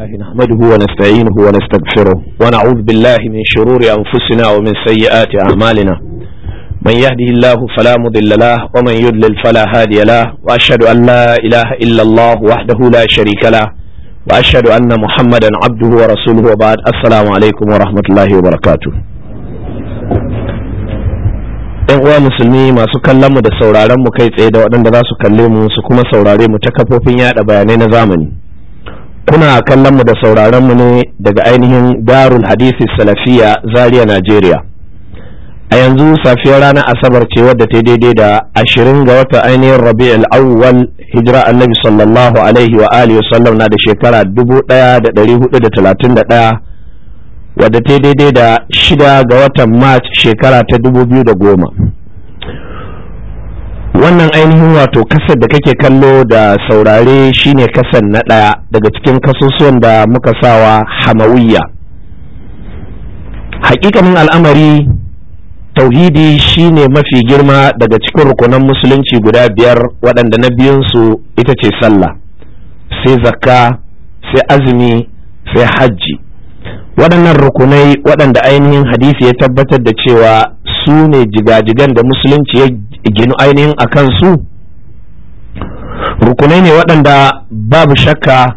نحمده ونستعينه ونستغفره ونعوذ بالله من شرور أنفسنا ومن سيئات أعمالنا من يهده الله فلا مضل له ومن يضلل فلا هادي له وأشهد أن لا إله إلا الله وحده لا شريك له وأشهد أن محمدا عبده ورسوله وبعد السلام عليكم ورحمة الله وبركاته ‘Yan uwa musulmi masu kallon mu da sauraron mu kai tsaye da waɗanda za su kalle mu su kuma saurare mu ta kafofin yada bayanai na zamani. kuna kallon mu da sauraron mu ne daga ainihin darul hadisi salafiya zaria nigeria a yanzu safiyar ranar asabar ce wadda ta daidai da ashirin ga wata ainihin rabi'ul awwal hijira annabi sallallahu alaihi wa alihi wasallam na da shekara dubu daya da dari hudu da talatin da daya wadda ta daidai da shida ga watan march shekara ta dubu biyu da goma wannan ainihin wato kasar da kake kallo da saurare shine kasar na ɗaya daga cikin kasusuwan da muka sawa hamawiyya hakikanin al'amari tauhidi shine mafi girma daga cikin rukunan musulunci guda biyar waɗanda na biyunsu ita ce sallah sai zakka sai azumi sai hajji waɗannan rukunai waɗanda ainihin hadisi ya tabbatar da cewa su ne jigajigan da musulunci ya ginu ainihin a kansu rukunai ne waɗanda babu shakka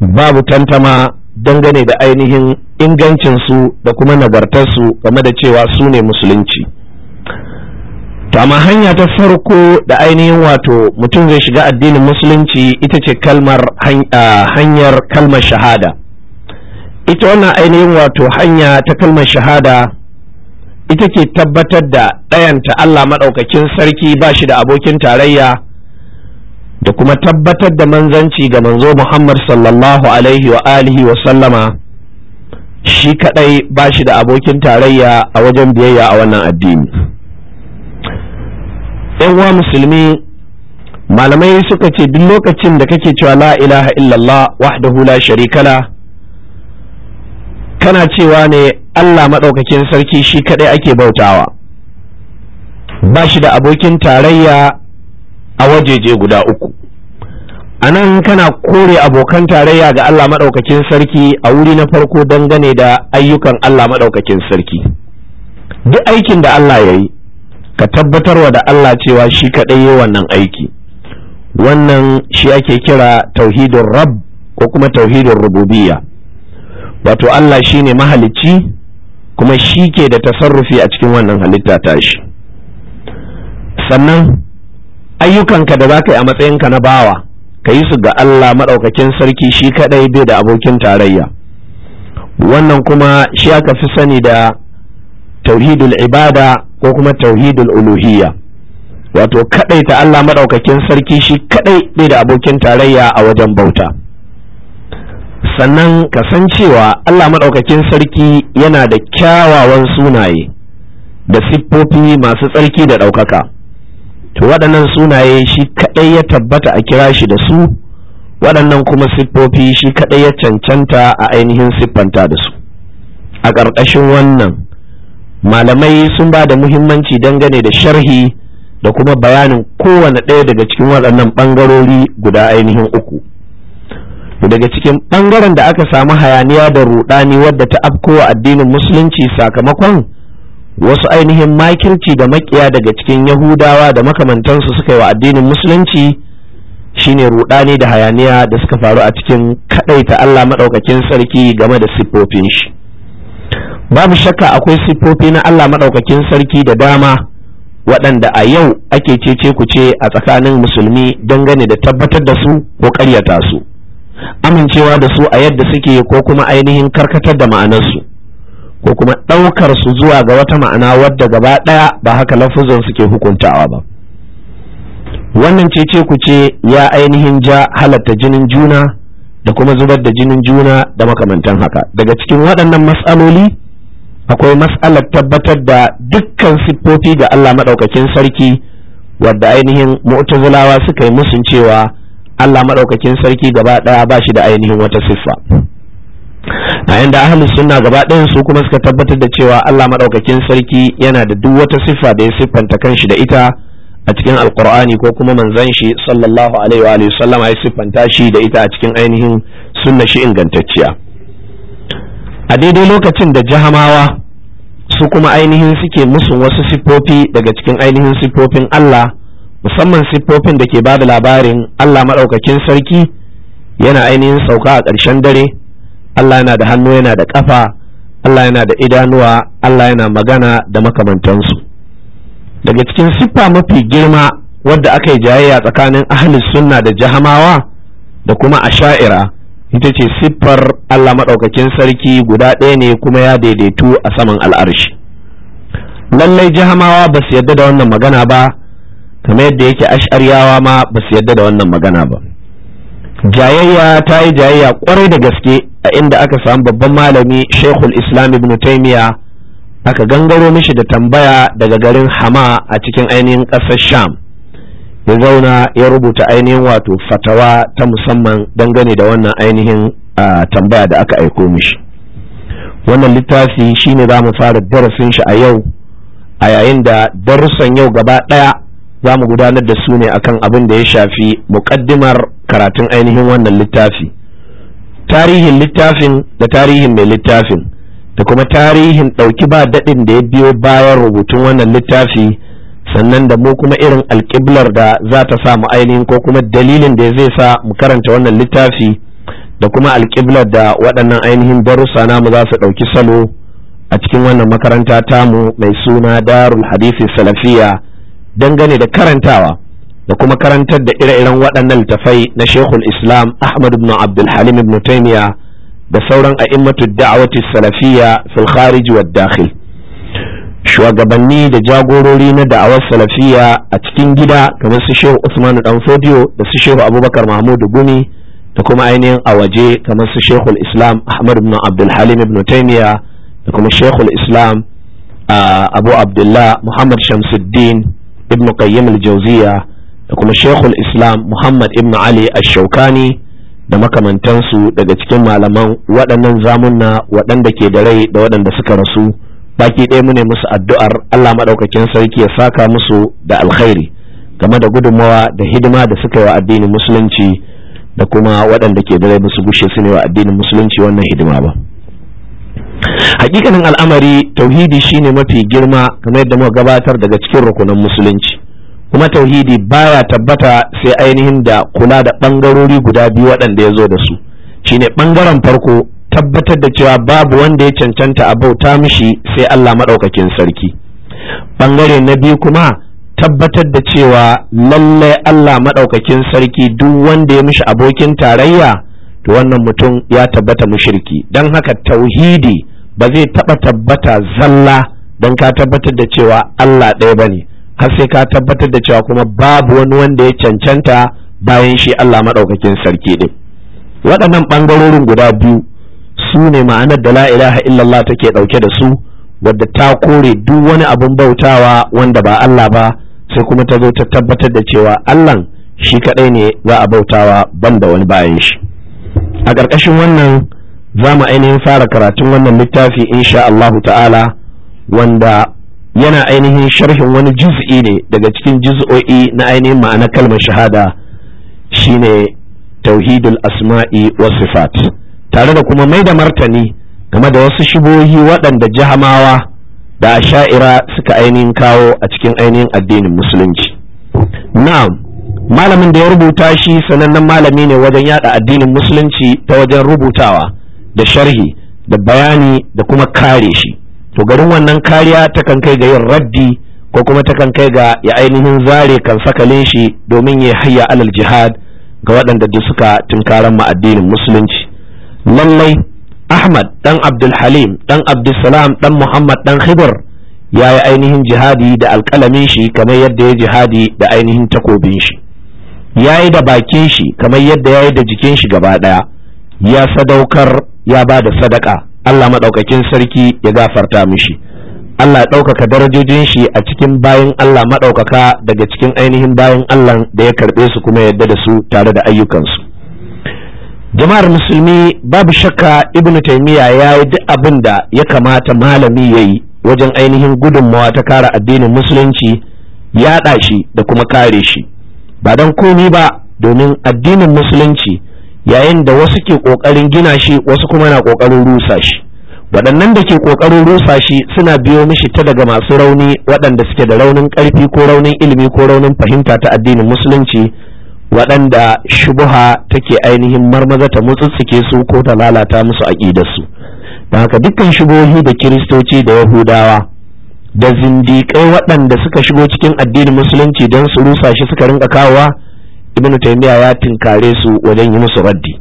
babu tantama dangane da ainihin ingancinsu da kuma nagartarsu game da cewa su ne musulunci tama hanya ta farko da ainihin wato mutum zai shiga addinin musulunci ita ce kalmar hanyar kalmar shahada ita wannan ainihin wato hanya ta kalmar shahada ita ke tabbatar da ɗayanta Allah maɗaukakin sarki ba shi da abokin tarayya da kuma tabbatar da manzanci ga manzo Muhammad sallallahu alaihi wa alihi wa sallama shi kaɗai ba shi da abokin tarayya a wajen biyayya a wannan addini. uwa musulmi malamai suka ce duk lokacin da kake cewa la ilaha illallah wahdahu la sharikala kana cewa ne Allah maɗaukakin sarki shi kaɗai ake bautawa ba shi da abokin tarayya a wajeje guda uku a nan kana kore abokan tarayya ga Allah maɗaukakin sarki a wuri na farko gane da ayyukan Allah maɗaukakin sarki duk aikin da Allah ya yi ka tabbatarwa da Allah cewa shi kaɗai yi wannan aiki wannan shi ake kira tauhidin rab ko kuma tauhidin rububiyya wato Allah shi ne mahalicci kuma shi ke da tasarrufi a cikin wannan halitta tashi sannan ayyukanka da za ka yi a matsayinka na bawa ka yi su ga Allah maɗaukakin sarki shi kaɗai bai da abokin tarayya wannan kuma shi aka fi sani da tauhidul ibada ko kuma tauhidul uluhiyya wato kaɗai ta Allah maɗaukakin sarki shi kaɗai bai da abokin tarayya a wajen bauta sannan ka san cewa Allah maɗaukakin sarki yana da kyawawan sunaye da siffofi masu tsarki da ɗaukaka to waɗannan sunaye shi kaɗai ya tabbata a kira shi da su waɗannan kuma siffofi shi kaɗai ya cancanta a ainihin siffanta da su a ƙarƙashin wannan malamai sun ba da muhimmanci dangane da sharhi da kuma bayanin kowane ɗaya daga cikin waɗannan ɓangarori guda ainihin uku daga cikin ɓangaren da aka samu hayaniya da ruɗani wadda ta afkowa addinin musulunci sakamakon wasu ainihin makirci da makiya daga cikin yahudawa da makamantansu suka yi wa addinin musulunci shine ruɗani da hayaniya da suka faru a cikin kadaita Allah maɗaukakin sarki game da siffofin shi babu shakka akwai siffofi na Allah maɗaukakin sarki da dama waɗanda a yau ake cece ku ce a tsakanin musulmi dangane da tabbatar da su ko ƙaryata su amincewa da su a yadda suke ko kuma ainihin karkatar da ma'anarsu ko kuma ɗaukar su zuwa ga wata ma'ana wadda gaba ɗaya ba haka lafuzan suke hukuntawa ba wannan ce-ce ku ce ya ainihin ja halatta jinin juna da kuma zubar da jinin juna da makamantan haka daga cikin waɗannan matsaloli akwai matsalar tabbatar da dukkan siffofi ga Allah maɗaukakin sarki wadda ainihin mu'tazilawa suka yi musun cewa Allah maɗaukakin sarki gaba ɗaya ba shi da ainihin wata siffa a yanda ahlus sunna gaba ɗayan su kuma suka tabbatar da cewa Allah maɗaukakin sarki yana da duk wata siffa da ya siffanta kanshi da ita a cikin alkur'ani ko kuma manzon shi sallallahu alaihi wa sallama ya siffanta shi da ita a cikin ainihin sunna shi ingantacciya a daidai lokacin da jahamawa su kuma ainihin suke musun wasu siffofi daga cikin ainihin siffofin Allah musamman siffofin da ke ba da labarin Allah maɗaukakin sarki yana ainihin sauka a ƙarshen dare Allah yana da hannu yana da ƙafa Allah yana da idanuwa Allah yana magana da makamantansu daga cikin siffa mafi girma wadda aka yi jayayya tsakanin ahlus sunna da jahamawa da kuma asha'ira ita ce siffar Allah maɗaukakin sarki guda ɗaya ne kuma ya daidaitu a saman al'arshi lallai jahamawa ba su yarda da wannan magana ba kamar yadda yake ash'ariyawa ma ba su yadda da wannan magana ba jayayya ta yi jayayya kwarai da gaske a inda aka samu babban malami shekul islam ibn taimiya aka gangaro mishi da tambaya daga garin hama a cikin ainihin ƙasar sham ya zauna ya rubuta ainihin wato fatawa ta musamman dangane da wannan ainihin tambaya da aka aiko mishi wannan littafi shine za mu fara darasin shi a yau a yayin da darussan yau gaba ɗaya za mu gudanar da su ne akan abin da ya shafi muƙaddimar karatun ainihin wannan littafi tarihin littafin da tarihin mai littafin da kuma tarihin ɗauki ba daɗin da ya biyo bayan rubutun wannan littafi sannan da mu kuma irin alƙiblar da za ta sa mu ainihin ko kuma dalilin da zai sa mu karanta wannan littafi da kuma alƙiblar da waɗannan ainihin darussa namu za su ɗauki salo a cikin wannan makaranta tamu mai suna darul hadisi salafiya dangane da karantawa da kuma karantar da ire-iren waɗannan littafai na shekul islam ahmad ibn abdul halim ibn taimiya da sauran a'immatu da'awati salafiyya fil kharij wa dakhil shugabanni da jagorori na da'awar salafiyya a cikin gida kamar su shehu usmanu dan fodiyo da su shehu abubakar Mahmud gumi da kuma ainihin a waje kamar su shekul islam ahmad ibn abdul halim ibn taimiya da kuma shekul islam ah, abu abdullah muhammad shamsuddin ابن قيم الجوزية da kuma محمد islam muhammad ibn ali ash-shaukani da makamantansu daga cikin malaman waɗannan zamunna waɗanda ke da rai da waɗanda suka rasu baki ɗaya mu ne musu addu'ar allah maɗaukakin sarki ya saka musu da alkhairi game da gudunmawa da hidima da suka yi wa addinin musulunci da kuma waɗanda ke da rai musu bushe gushe su ne wa addinin musulunci wannan hidima ba hakikanin al'amari tauhidi shine mafi girma kamar yadda muka gabatar daga cikin rukunan musulunci kuma tauhidi baya tabbata sai ainihin da kula da bangarori guda biyu waɗanda ya zo da su shine bangaren farko tabbatar da cewa babu wanda ya cancanta a bauta mishi sai Allah maɗaukakin sarki bangare na biyu kuma tabbatar da cewa lallai Allah maɗaukakin sarki duk wanda ya mishi abokin tarayya to wannan mutum ya tabbata mushriki don haka tauhidi ba zai taba tabbata zalla don ka tabbatar da cewa Allah ɗaya ba ne har sai ka tabbatar da cewa kuma babu wani wanda ya cancanta bayan shi Allah maɗaukakin sarki ɗin waɗannan ɓangarorin guda biyu su ne ma'anar da la ilaha illallah take ɗauke da su wadda ta kore duk wani abin bautawa wanda ba Allah ba sai kuma ta zo ta tabbatar da cewa Allah shi kaɗai ne za a bautawa banda wani bayan shi a ƙarƙashin wannan za mu ainihin fara karatun wannan littafi insha Allahu ta'ala wanda yana ainihin sharhin wani juz'i ne daga cikin juz'o'i na ainihin ma'ana kalmar shahada shine tauhidul asma'i wa sifat tare da kuma mai da martani game da wasu shibohi waɗanda jahamawa da sha'ira suka ainihin kawo a cikin ainihin addinin musulunci na'am malamin da ya rubuta shi sanannen malami ne wajen yada addinin musulunci ta wajen rubutawa da sharhi da bayani da kuma kare shi to garin wannan kariya takan kai ga yin raddi ko kuma takan kai ga ya ainihin zare kan sakalin shi domin ya hayya alal jihad ga waɗanda duk suka tunkaran mu addinin musulunci lallai ahmad dan abdul halim dan abdul salam dan muhammad dan khidr ya yi ainihin jihadi da alƙalamin shi kamar yadda ya jihadi da ainihin takobin shi ya yi da bakin shi kamar yadda ya yi da jikin shi gaba ɗaya ya sadaukar ya ba da sadaka Allah maɗaukakin sarki ya gafarta mishi Allah ɗaukaka darajojin shi a cikin bayan Allah maɗaukaka daga cikin ainihin bayan Allah da ya karɓe su kuma yadda da su tare da ayyukansu jama'ar musulmi babu shakka ibnu taimiyya ya yi duk abin da ya kamata malami ya yi wajen ainihin gudunmawa ta kara addinin musulunci yaɗa shi da kuma kare shi ba don komi ba domin addinin musulunci yayin da wasu ke ƙoƙarin gina shi wasu kuma na ƙoƙarin rusa shi waɗannan da ke ƙoƙarin rusa shi suna biyo mishi ta daga masu rauni waɗanda suke da raunin ƙarfi ko raunin ilimi ko raunin fahimta ta addinin musulunci waɗanda shubuha take ainihin marmaza ta mutsutsuke su ko ta lalata musu aƙidarsu Da haka dukkan shubohi da kiristoci da yahudawa da zindikai waɗanda suka shigo cikin addinin musulunci don su rusa shi suka rinka kawowa ibnu taymiya ya tinkare su wajen yi musu raddi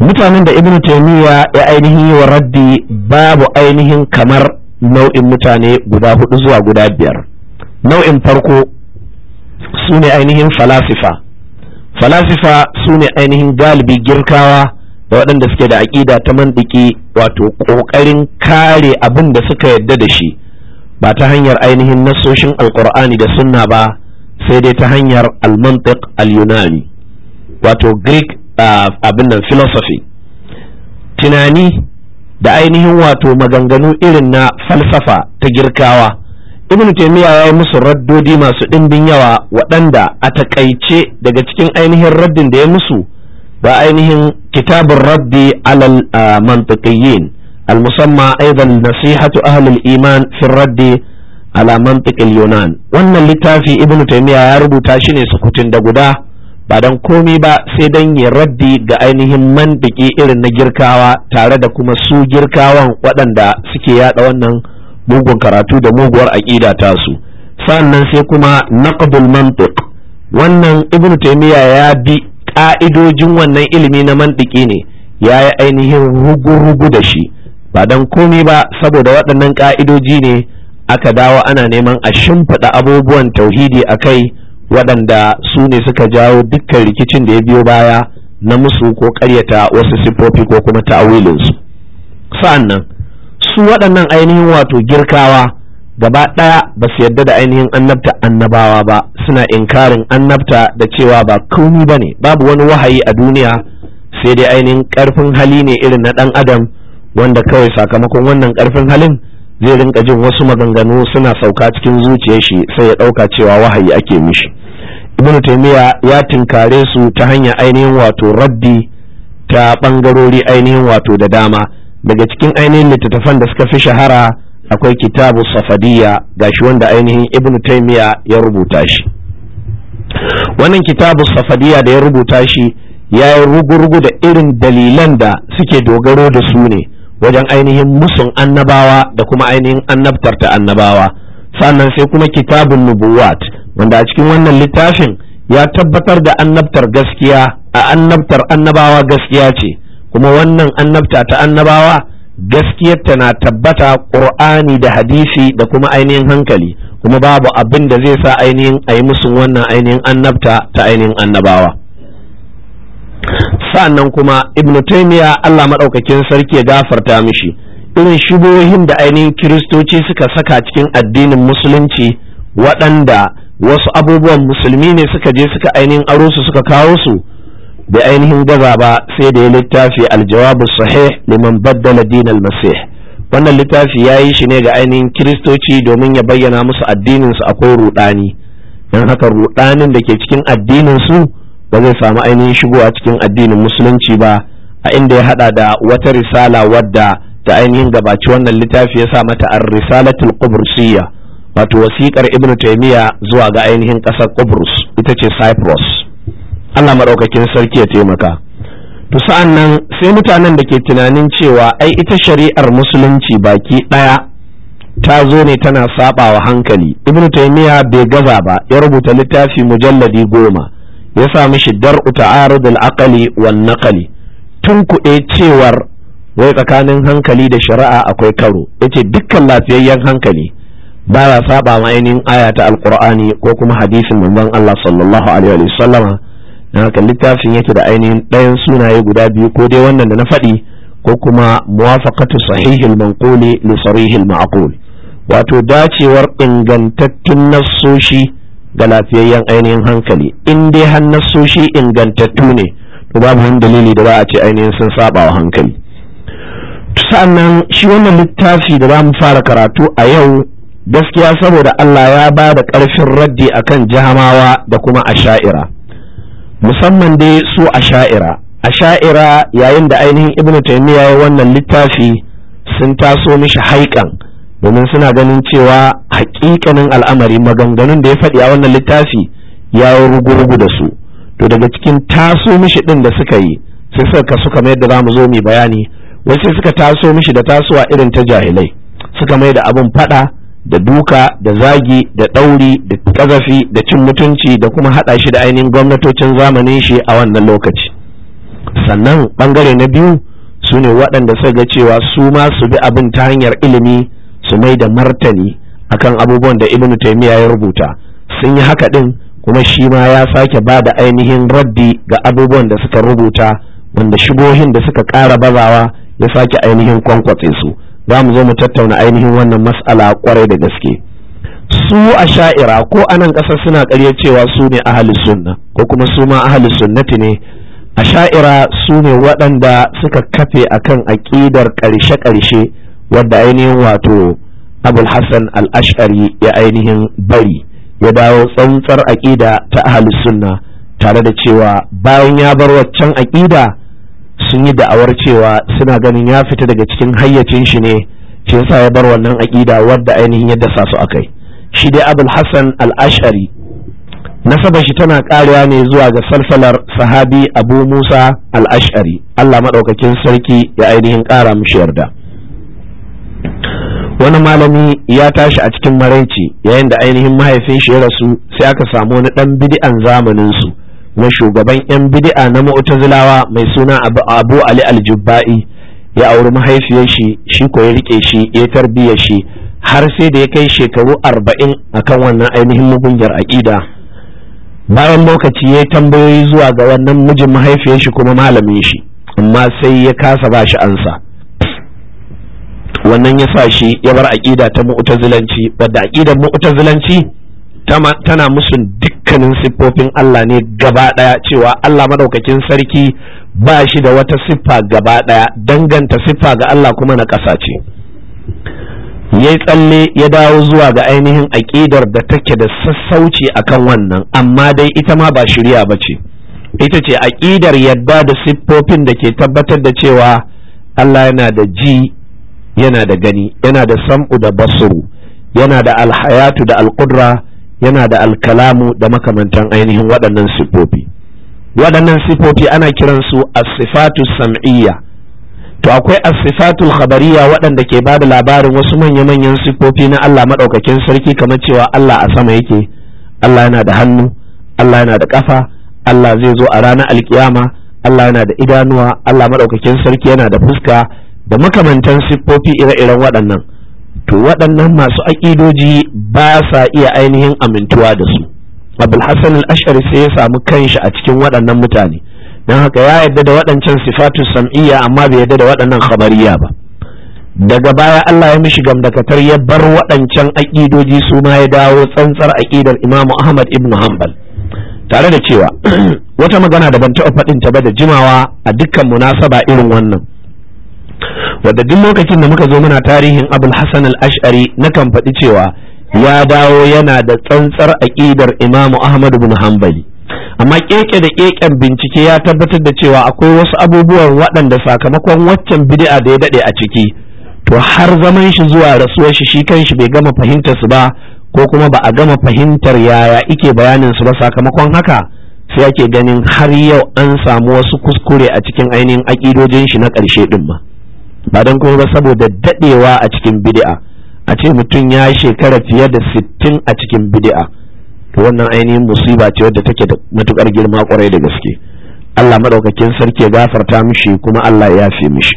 mutanen da ibnu taymiya ya ainihin yi wa raddi babu ainihin kamar nau'in mutane guda hudu zuwa guda biyar nau'in farko su ne ainihin falasifa falasifa su ne ainihin galibi girkawa da waɗanda suke da aƙida ta mandiki wato ƙoƙarin kare abin da suka yadda da shi ba ta hanyar ainihin nasoshin alƙur'ani da sunna ba sai dai ta hanyar al-mantiq al-yunani wato greek abin nan philosophy tunani da ainihin wato maganganu irin na falsafa ta girkawa ibn taymiya ya yi musu raddodi masu ɗimbin yawa waɗanda a takaice daga cikin ainihin raddin da ya musu ba ainihin kitabun raddi alal mantiqiyyin al musamma aidan nasihatu ahlul iman fi raddi ala mantiqil yunan wannan littafi ibnu taymiya ya rubuta shi ne sukutun da guda ba dan komi ba sai dan ya raddi ga ainihin mantiki irin na girkawa tare da kuma su girkawan waɗanda suke yada wannan mugun karatu da muguwar aqida tasu sannan sai kuma naqdul mantiq wannan ibnu taymiya ya bi ka'idojin wannan ilimi na mantiki ne ya yi ainihin rugu-rugu da shi ba dan komi ba saboda waɗannan ka'idoji ne aka dawo ana neman a shimfiɗa abubuwan tauhidi a kai waɗanda su ne suka jawo dukkan rikicin da ya biyo baya na musu ko karyata wasu siffofi ko kuma ta'awilinsu sa'annan su waɗannan ainihin wato girkawa gaba ɗaya ba su yadda da ainihin annabta annabawa ba suna inkarin annabta da cewa ba komi ba ne babu wani wahayi a duniya sai dai ainihin ƙarfin hali ne irin na ɗan adam wanda kawai sakamakon wannan ƙarfin halin zai rinka jin wasu maganganu suna sauka cikin zuciyar shi sai ya ɗauka cewa wahayi ake mishi ibn taymiya ya tinkare su ta hanyar ainihin wato raddi ta bangarori ainihin wato da dama daga cikin ainihin littattafan da suka fi shahara akwai kitabu safadiyya gashi wanda ainihin ibn taymiya ya rubuta shi wannan kitabu safadiyya da ya rubuta shi ya yi rugurugu da irin dalilan da suke dogaro da su ne wajen ainihin musun annabawa da kuma ainihin annabtar ta annabawa sannan sai kuma kitabun nubuwat wanda a cikin wannan littafin ya tabbatar da annabtar gaskiya a annabtar annabawa gaskiya ce kuma wannan annabta ta annabawa gaskiyarta na tabbata ƙur'ani da hadisi da kuma ainihin hankali kuma babu abin da zai sa ainihin a yi musu wannan ainihin annabta ta ainihin annabawa sa'annan kuma ibn taymiya Allah madaukakin sarki ya gafarta mishi irin shibohin da ainihin kiristoci suka saka cikin addinin musulunci waɗanda wasu abubuwan musulmi ne suka je suka ainihin aro su suka kawo su bai ainihin gaza ba sai da ya littafi aljawabu sahih liman baddala dinal masih wannan littafi ya yi shi ne ga ainihin kiristoci domin ya bayyana musu addinin su akwai rudani dan haka rudanin da ke cikin addinin su ba zai samu ainihin shigo a cikin addinin musulunci ba a inda ya hada da wata risala wadda ta ainihin gabaci wannan littafi ya sa mata ar-risalatul qubrusiyya wato wasikar ibnu taymiya zuwa ga ainihin ƙasar Qubrus ita ce Cyprus Allah madaukakin sarki ya taimaka to sa'an sai mutanen da ke tunanin cewa ai ita shari'ar musulunci baki ɗaya ta zo ne tana sabawa hankali ibnu taymiya bai gaza ba ya rubuta littafi mujalladi goma ya sa mishi dar'u ta'arudul aqali wan naqali tun kuɗe cewar wai tsakanin hankali da shari'a akwai karo yace dukkan lafiyayyen hankali baya saba ma ainihin aya ta alqur'ani ko kuma hadisin manzon Allah sallallahu alaihi wa sallama na littafin yake da ainihin ɗayan sunaye guda biyu ko dai wannan da na faɗi ko kuma muwafaqatu sahihil manquli li sarihil ma'qul wato dacewar ingantattun nassoshi ga lafiyayyen ainihin hankali in dai har shi ingantattu ne to babu wani dalili da za a ce ainihin sun saba wa hankali sa'annan shi wannan littafi da za mu fara karatu a yau gaskiya saboda Allah ya ba da ƙarfin raddi akan jahamawa da kuma asha'ira musamman dai su asha'ira asha'ira yayin da ainihin ibnu taymiya ya wannan littafi sun taso mishi haikan domin suna ganin cewa haƙiƙanin al'amari maganganun da ya faɗi a wannan littafi ya rugu-rugu da su to daga cikin taso mishi ɗin da suka yi sai suka kasu kamar yadda za mu zo mu bayani wasu suka taso mishi da tasowa irin ta jahilai suka mai da abin faɗa da duka da zagi da ɗauri da ƙazafi da cin mutunci da kuma haɗa shi da ainihin gwamnatocin zamanin shi a wannan lokaci sannan ɓangare na biyu su ne waɗanda suka ga cewa su ma su bi abin ta hanyar ilimi su mai da martani akan abubuwan da ibnu taimiya ya rubuta sun yi haka din kuma shi ma ya sake ba da ainihin raddi ga abubuwan da suka rubuta wanda shigohin da suka ƙara bazawa ya sake ainihin kwankwatse su za mu zo mu tattauna ainihin wannan mas'ala kwarai da gaske su a sha'ira ko anan ƙasar suna ƙarya cewa su ne ahli sunna ko kuma su ma ahli sunnati ne a sha'ira su ne waɗanda suka kafe akan aƙidar ƙarshe-ƙarshe wadda ainihin wato abul hassan al-ash'ari ya ainihin bari ya dawo tsantsar aƙida ta ahalus sunna tare da cewa bayan ya bar waccan aƙida sun yi da'awar cewa suna ganin ya fita daga cikin hayyacin shi ne shi yasa ya bar wannan aƙida wadda ainihin yadda sa su akai shi dai abul hassan al-ash'ari nasaba shi tana karewa ne zuwa ga salsalar sahabi abu musa al-ash'ari allah maɗaukakin sarki ya ainihin ƙara mushi yarda wani malami ya tashi a cikin maraici yayin da ainihin mahaifin shi ya rasu sai aka samu wani dan bidi'an zamanin su na shugaban yan bidi'a na mu'tazilawa mai suna Abu Ali Al-Jubba'i ya auri mahaifiyar shi shi ko ya rike shi ya tarbiya shi har sai da ya kai shekaru arba'in akan wannan ainihin mugunyar aƙida bayan lokaci ya tambayoyi zuwa ga wannan mijin mahaifiyar shi kuma malamin shi amma sai ya kasa ba shi ansa wannan ya sa shi ya bar aƙida ta mu'tazilanci wadda aƙidar mu'tazilanci tana musun dukkanin siffofin Allah ne gaba ɗaya cewa Allah madaukakin sarki ba shi da wata siffa gaba ɗaya danganta siffa ga Allah kuma na ƙasa ce ya tsalle ya dawo zuwa ga ainihin aƙidar da take da sassauci akan wannan amma dai ita ma ba shirya ba ce ita ce aƙidar yadda da siffofin da ke tabbatar da cewa Allah yana da ji yana da gani yana da sam'u da basuru yana da alhayatu da alqudra yana da alkalamu da makamantan ainihin waɗannan sifofi. waɗannan sifofi ana kiransu as-sifatu sam'iyya to akwai as-sifatu khabariya waɗanda ke ba da labarin wasu manya-manyan sifofi na Allah madaukakin sarki kamar cewa Allah a sama yake Allah yana da hannu Allah yana da ƙafa Allah zai zo a ranar alkiyama Allah yana da idanuwa Allah madaukakin sarki yana da fuska da makamantan siffofi ire-iren waɗannan to waɗannan masu aƙidoji ba sa iya ainihin amintuwa da su abulhassan al-ashari sai ya samu kanshi a cikin waɗannan mutane don haka ya yarda da waɗancan sifatu sam'iyya amma bai yarda da waɗannan khabariya ba daga baya Allah ya mishi gamdakatar ya bar waɗancan aƙidoji su ma ya dawo tsantsar aƙidar Imam Ahmad ibn Hanbal tare da cewa wata magana da ban taɓa faɗin ta ba da jimawa a dukkan munasaba irin wannan wadda duk lokacin da muka zo muna tarihin abul hasan al-ash'ari na kan faɗi cewa ya dawo yana da tsantsar aƙidar imamu ahmad ibn hanbali amma keke da keken bincike ya tabbatar da cewa akwai wasu abubuwan waɗanda sakamakon waccan bid'a da ya daɗe a ciki to har zaman shi zuwa rasuwar shi shi kanshi bai gama fahimtar su ba ko kuma ba a gama fahimtar yaya ike bayanin su ba sakamakon haka sai ake ganin har yau an samu wasu kuskure a cikin ainihin aƙidojin shi na ƙarshe ɗin ma ba don kuma ba saboda dadewa a cikin bid'a a ce mutum ya shekara fiye da sittin a cikin bid'a to wannan ainihin musiba ce wadda take da matukar girma kwarai da gaske Allah madaukakin sarki ya gafarta mishi kuma Allah ya yafe mishi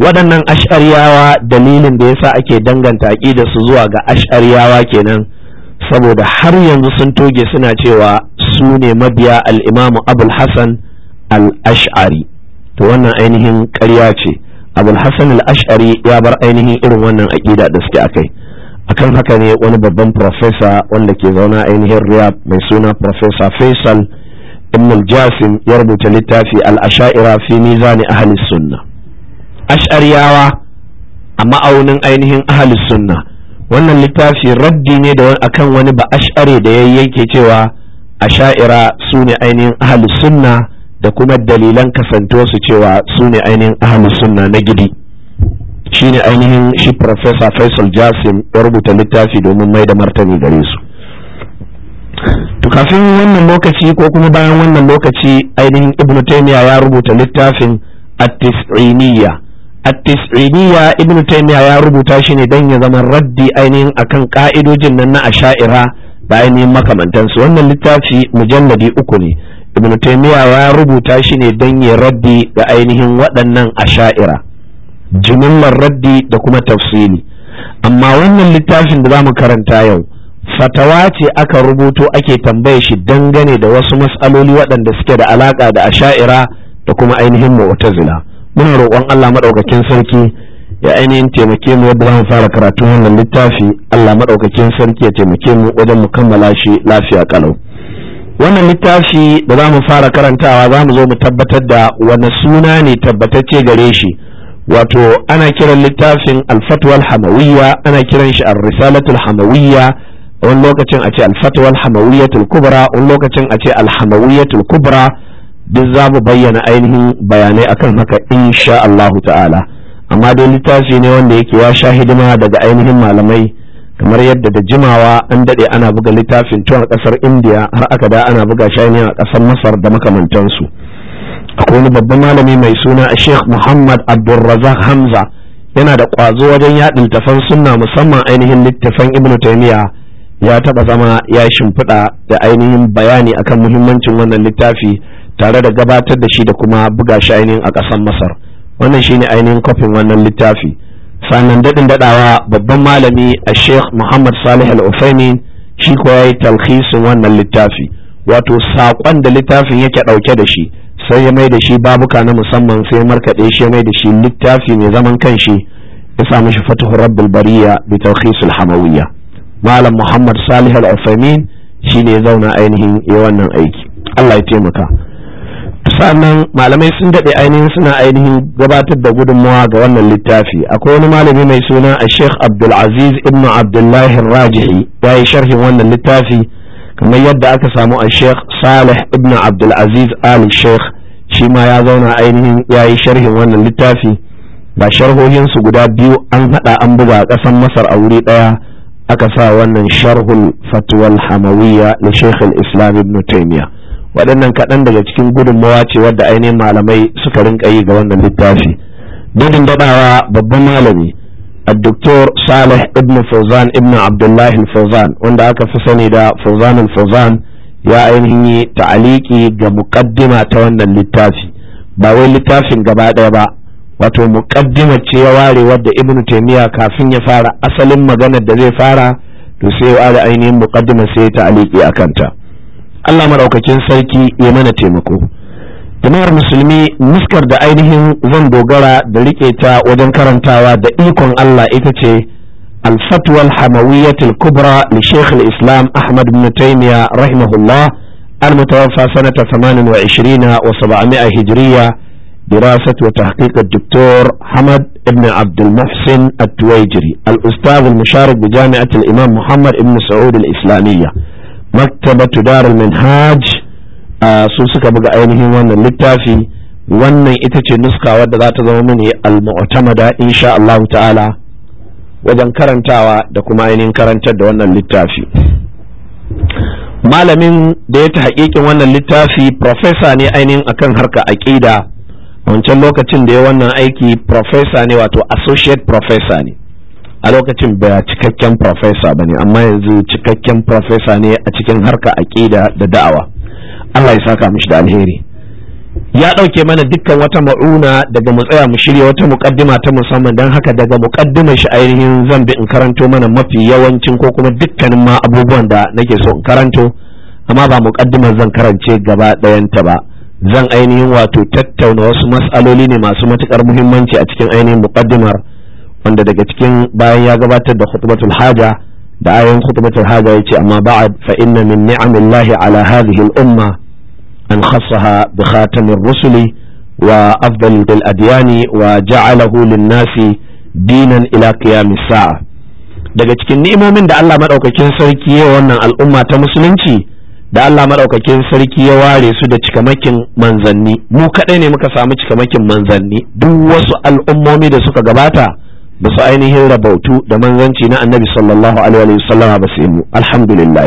waɗannan ash'ariyawa dalilin da yasa ake danganta aqida su zuwa ga ash'ariyawa kenan saboda har yanzu sun toge suna cewa su ne mabiya al-Imam Abul Hasan al-Ash'ari to wannan ainihin ƙarya ce abul hassan al-ash'ari ya bar ainihin irin wannan aƙida da suke akai akan haka ne wani babban profesa wanda ke zauna ainihin riyab mai suna profesa faisal ibn jasim ya rubuta littafi al-asha'ira fi mizani ahli sunna ash'ariyawa a ma'aunin ainihin ahli sunna wannan littafi raddi ne da akan wani ba ash'ari da yayyanke cewa asha'ira su ne ainihin ahli sunna da kuma dalilan su cewa su ne ainihin ahlus sunna na gidi ne ainihin shi Profesa Faisal Jasim ya rubuta littafi domin mai da martani gare su. To wannan lokaci ko kuma bayan wannan lokaci ainihin Ibn Taymiyyah ya rubuta littafin At-Tis'iniyya. At-Tis'iniyya Ibn Taymiyyah ya rubuta shi ne don ya zama raddi ainihin akan ka'idojin nan na asha'ira ba ainihin makamantansu. Wannan littafi mujalladi uku ne. ibn taymiya ya rubuta shi ne don ya raddi da ainihin waɗannan asha'ira jimillar raddi da kuma tafsili amma wannan littafin da zamu karanta yau fatawa ce aka rubuto ake tambaye shi dangane da wasu matsaloli waɗanda suke da alaƙa da asha'ira da kuma ainihin mu'tazila muna roƙon Allah maɗaukakin sarki ya ainihin taimake mu yadda zamu fara karatu wannan littafi Allah maɗaukakin sarki ya taimake mu wajen mu kammala shi lafiya kalau wannan littafi da za mu fara karantawa za mu zo mu tabbatar da wani suna ne tabbatacce gare shi wato ana kiran littafin alfatwal hamawiyya ana kiran shi ar-risalatul hamawiyya wani lokacin a ce alfatwal hamawiyyatul kubra wani lokacin a ce alhamawiyyatul kubra duk za mu bayyana ainihin bayanai akan haka insha Allahu ta'ala amma dai littafi ne wanda yake ya sha hidima daga ainihin malamai kamar yadda da jimawa an daɗe ana buga littafin tun a ƙasar indiya har aka da ana buga shani a ƙasar masar da makamantansu akwai wani babban malami mai suna sheikh muhammad abdulrazak hamza yana da ƙwazo wajen yaɗin tafan sunna musamman ainihin littafan ibnu taimiya ya taɓa zama ya shimfiɗa da ainihin bayani akan muhimmancin wannan littafi tare da gabatar da shi da kuma buga shi a ƙasar masar wannan shine ainihin kofin wannan littafi sannan daɗin daɗawa babban malami a sheikh muhammad salih al-usaimin shi kuwa ya yi talhisin wannan littafi wato saƙon da littafin yake ɗauke da shi sai ya mai da shi babuka na musamman sai ya markaɗe shi ya mai da shi littafi mai zaman kanshi ya sa mishi fatahu rabbul bariya bi talhisul hamawiyya malam muhammad salih al shi shine ya zauna ainihin ya wannan aiki Allah ya taimaka sannan malamai sun daɗe ainihin suna ainihin gabatar da gudunmawa ga wannan littafi akwai wani malami mai suna a sheikh abdulaziz ibn abdullahi rajihi ya yi sharhin wannan littafi kamar yadda aka samu a sheikh salih ibn abdulaziz ali sheikh shi ma ya zauna ainihin ya yi sharhin wannan littafi ba su guda biyu an haɗa an buga a ƙasar masar a wuri ɗaya aka sa wannan sharhul fatwal hamawiyya na sheikh islam ibn taimiyya waɗannan kaɗan daga cikin gudunmawa ce wadda ainihin malamai suka rinka yi ga wannan littafi gudun daɗawa babban malami a doktor salih ibn fauzan ibn abdullahi wanda wanda aka fi sani da fauzan fauzan ya ainihin yi ta'aliki ga muqaddima ta wannan littafi ba wai littafin gaba ɗaya ba wato muqaddima ce ya ware wadda Ibn taimiya kafin ya fara asalin maganar da zai fara to sai ya ware ainihin muqaddima sai ya ta'aliki a kanta. Allah maɗaukakin sarki ya mana taimako jama'ar musulmi muskar da ainihin zan dogara da rike ta wajen karantawa da ikon Allah ita ce al-fatwa kubra li shaykh al-islam ahmad bin taymiya rahimahullah المتوفى sanata 28 و700 هجرية دراسة وتحقيق الدكتور حمد بن عبد المحسن التويجري الأستاذ المشارك بجامعة الإمام محمد بن سعود الإسلامية maktabatu darul minhaj su suka buga ainihin wannan littafi wannan ita ce nuska wadda za ta zama mini al-mu'tamada insha Allah ta'ala wajen karantawa da kuma ainihin karantar da wannan littafi malamin da ya ta hakikin wannan littafi profesa ne ainihin akan harka aƙida wancan lokacin da ya wannan aiki profesa ne wato associate professor ne a lokacin ba cikakken profesa ba ne amma yanzu cikakken profesa ne a cikin harka aƙida da da'awa Allah ya saka mishi da alheri ya ɗauke mana dukkan wata ma'una daga mu tsaya mu shirya wata muƙaddima ta musamman don haka daga muƙaddimar shi ainihin zan bi in karanto mana mafi yawancin ko kuma dukkanin ma abubuwan da nake so in karanto amma ba muƙaddimar zan karance gaba ɗayanta ba zan ainihin wato tattauna wasu mas'aloli ne masu matuƙar muhimmanci a cikin ainihin muƙaddimar wanda daga cikin bayan ya gabatar da khutbatul haja da ayoyin khutbatul haja yace amma ba'ad fa inna min ni'amillahi ala hadhihi al-umma an khassaha bi khatamir rusuli wa afdal bil adyani wa ja'alahu lin-nasi dinan ila qiyam saa daga cikin ni'imomin da Allah madaukakin sarki ya wannan al'umma ta musulunci da Allah madaukakin sarki ya ware su da cikamakin manzanni mu kadai ne muka samu cikamakin manzanni duk wasu al'ummomi da suka gabata ba su ainihin rabautu da manzanci na annabi sallallahu alaihi wasallama ba su alhamdulillah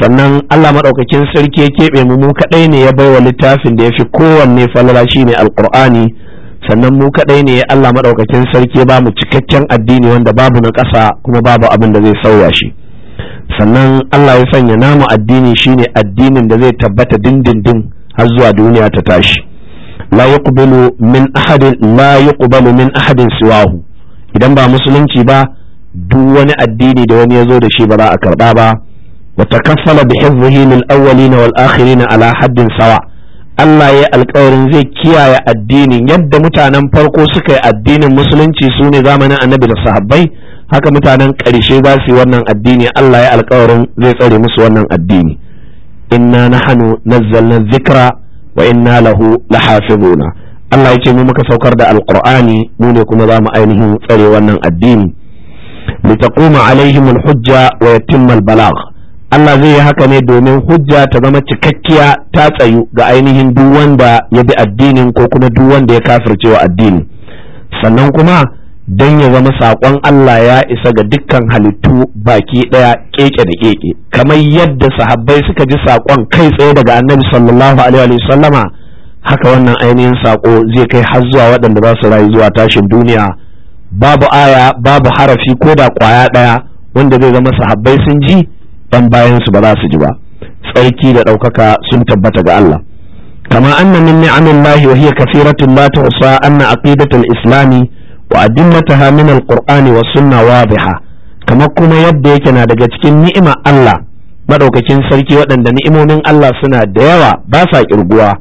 sannan Allah maɗaukakin sarki ya keɓe mu mu kaɗai ne ya baiwa littafin da ya fi kowanne falala shine alqur'ani sannan mu kaɗai ne Allah maɗaukakin sarki ba mu cikakken addini wanda babu na ƙasa kuma babu abin da zai sauya shi sannan Allah ya sanya namu addini shine addinin da zai tabbata dindindin har zuwa duniya ta tashi la yuqbalu min ahadin la yuqbalu min ahadin siwahu idan ba musulunci ba duk wani addini da wani ya zo da shi ba za a karɓa ba wa takaffala bi hifzihi lil awwalina wal akhirina ala haddin sawa Allah ya alƙawarin zai kiyaye addinin yadda mutanen farko suka yi addinin musulunci sune ne zamanin annabi da sahabbai haka mutanen ƙarshe za su wannan addini Allah ya alƙawarin zai tsare musu wannan addini inna nahnu nazzalna dhikra wa inna lahu lahafizuna Allah ya ce mu muka saukar da alqur'ani mu ne kuma za mu ainihin tsare wannan addini litaquma alaihim alhujja wa yatimma albalagh Allah zai yi haka ne domin hujja ta zama cikakkiya ta tsayu ga ainihin duk wanda ya bi addinin ko kuma duk wanda ya wa addini sannan kuma dan ya zama saƙon Allah ya isa ga dukkan halittu baki ɗaya keke da keke kamar yadda sahabbai suka ji saƙon kai tsaye daga annabi sallallahu alaihi wa sallama haka wannan ainihin saƙo zai kai har zuwa waɗanda za su rayu zuwa tashin duniya babu aya babu harafi ko da ƙwaya ɗaya wanda zai zama sahabbai sun ji ɗan bayan su ba za su ji ba tsarki da ɗaukaka sun tabbata ga Allah kama anna min lahi wa hiya kathiratun la tuhsa anna aqidatul islami wa adimmataha min alqur'ani wa sunna wadiha kama kuma yadda yake na daga cikin ni'ima Allah madaukakin sarki waɗanda ni'imomin Allah suna da yawa ba sa kirguwa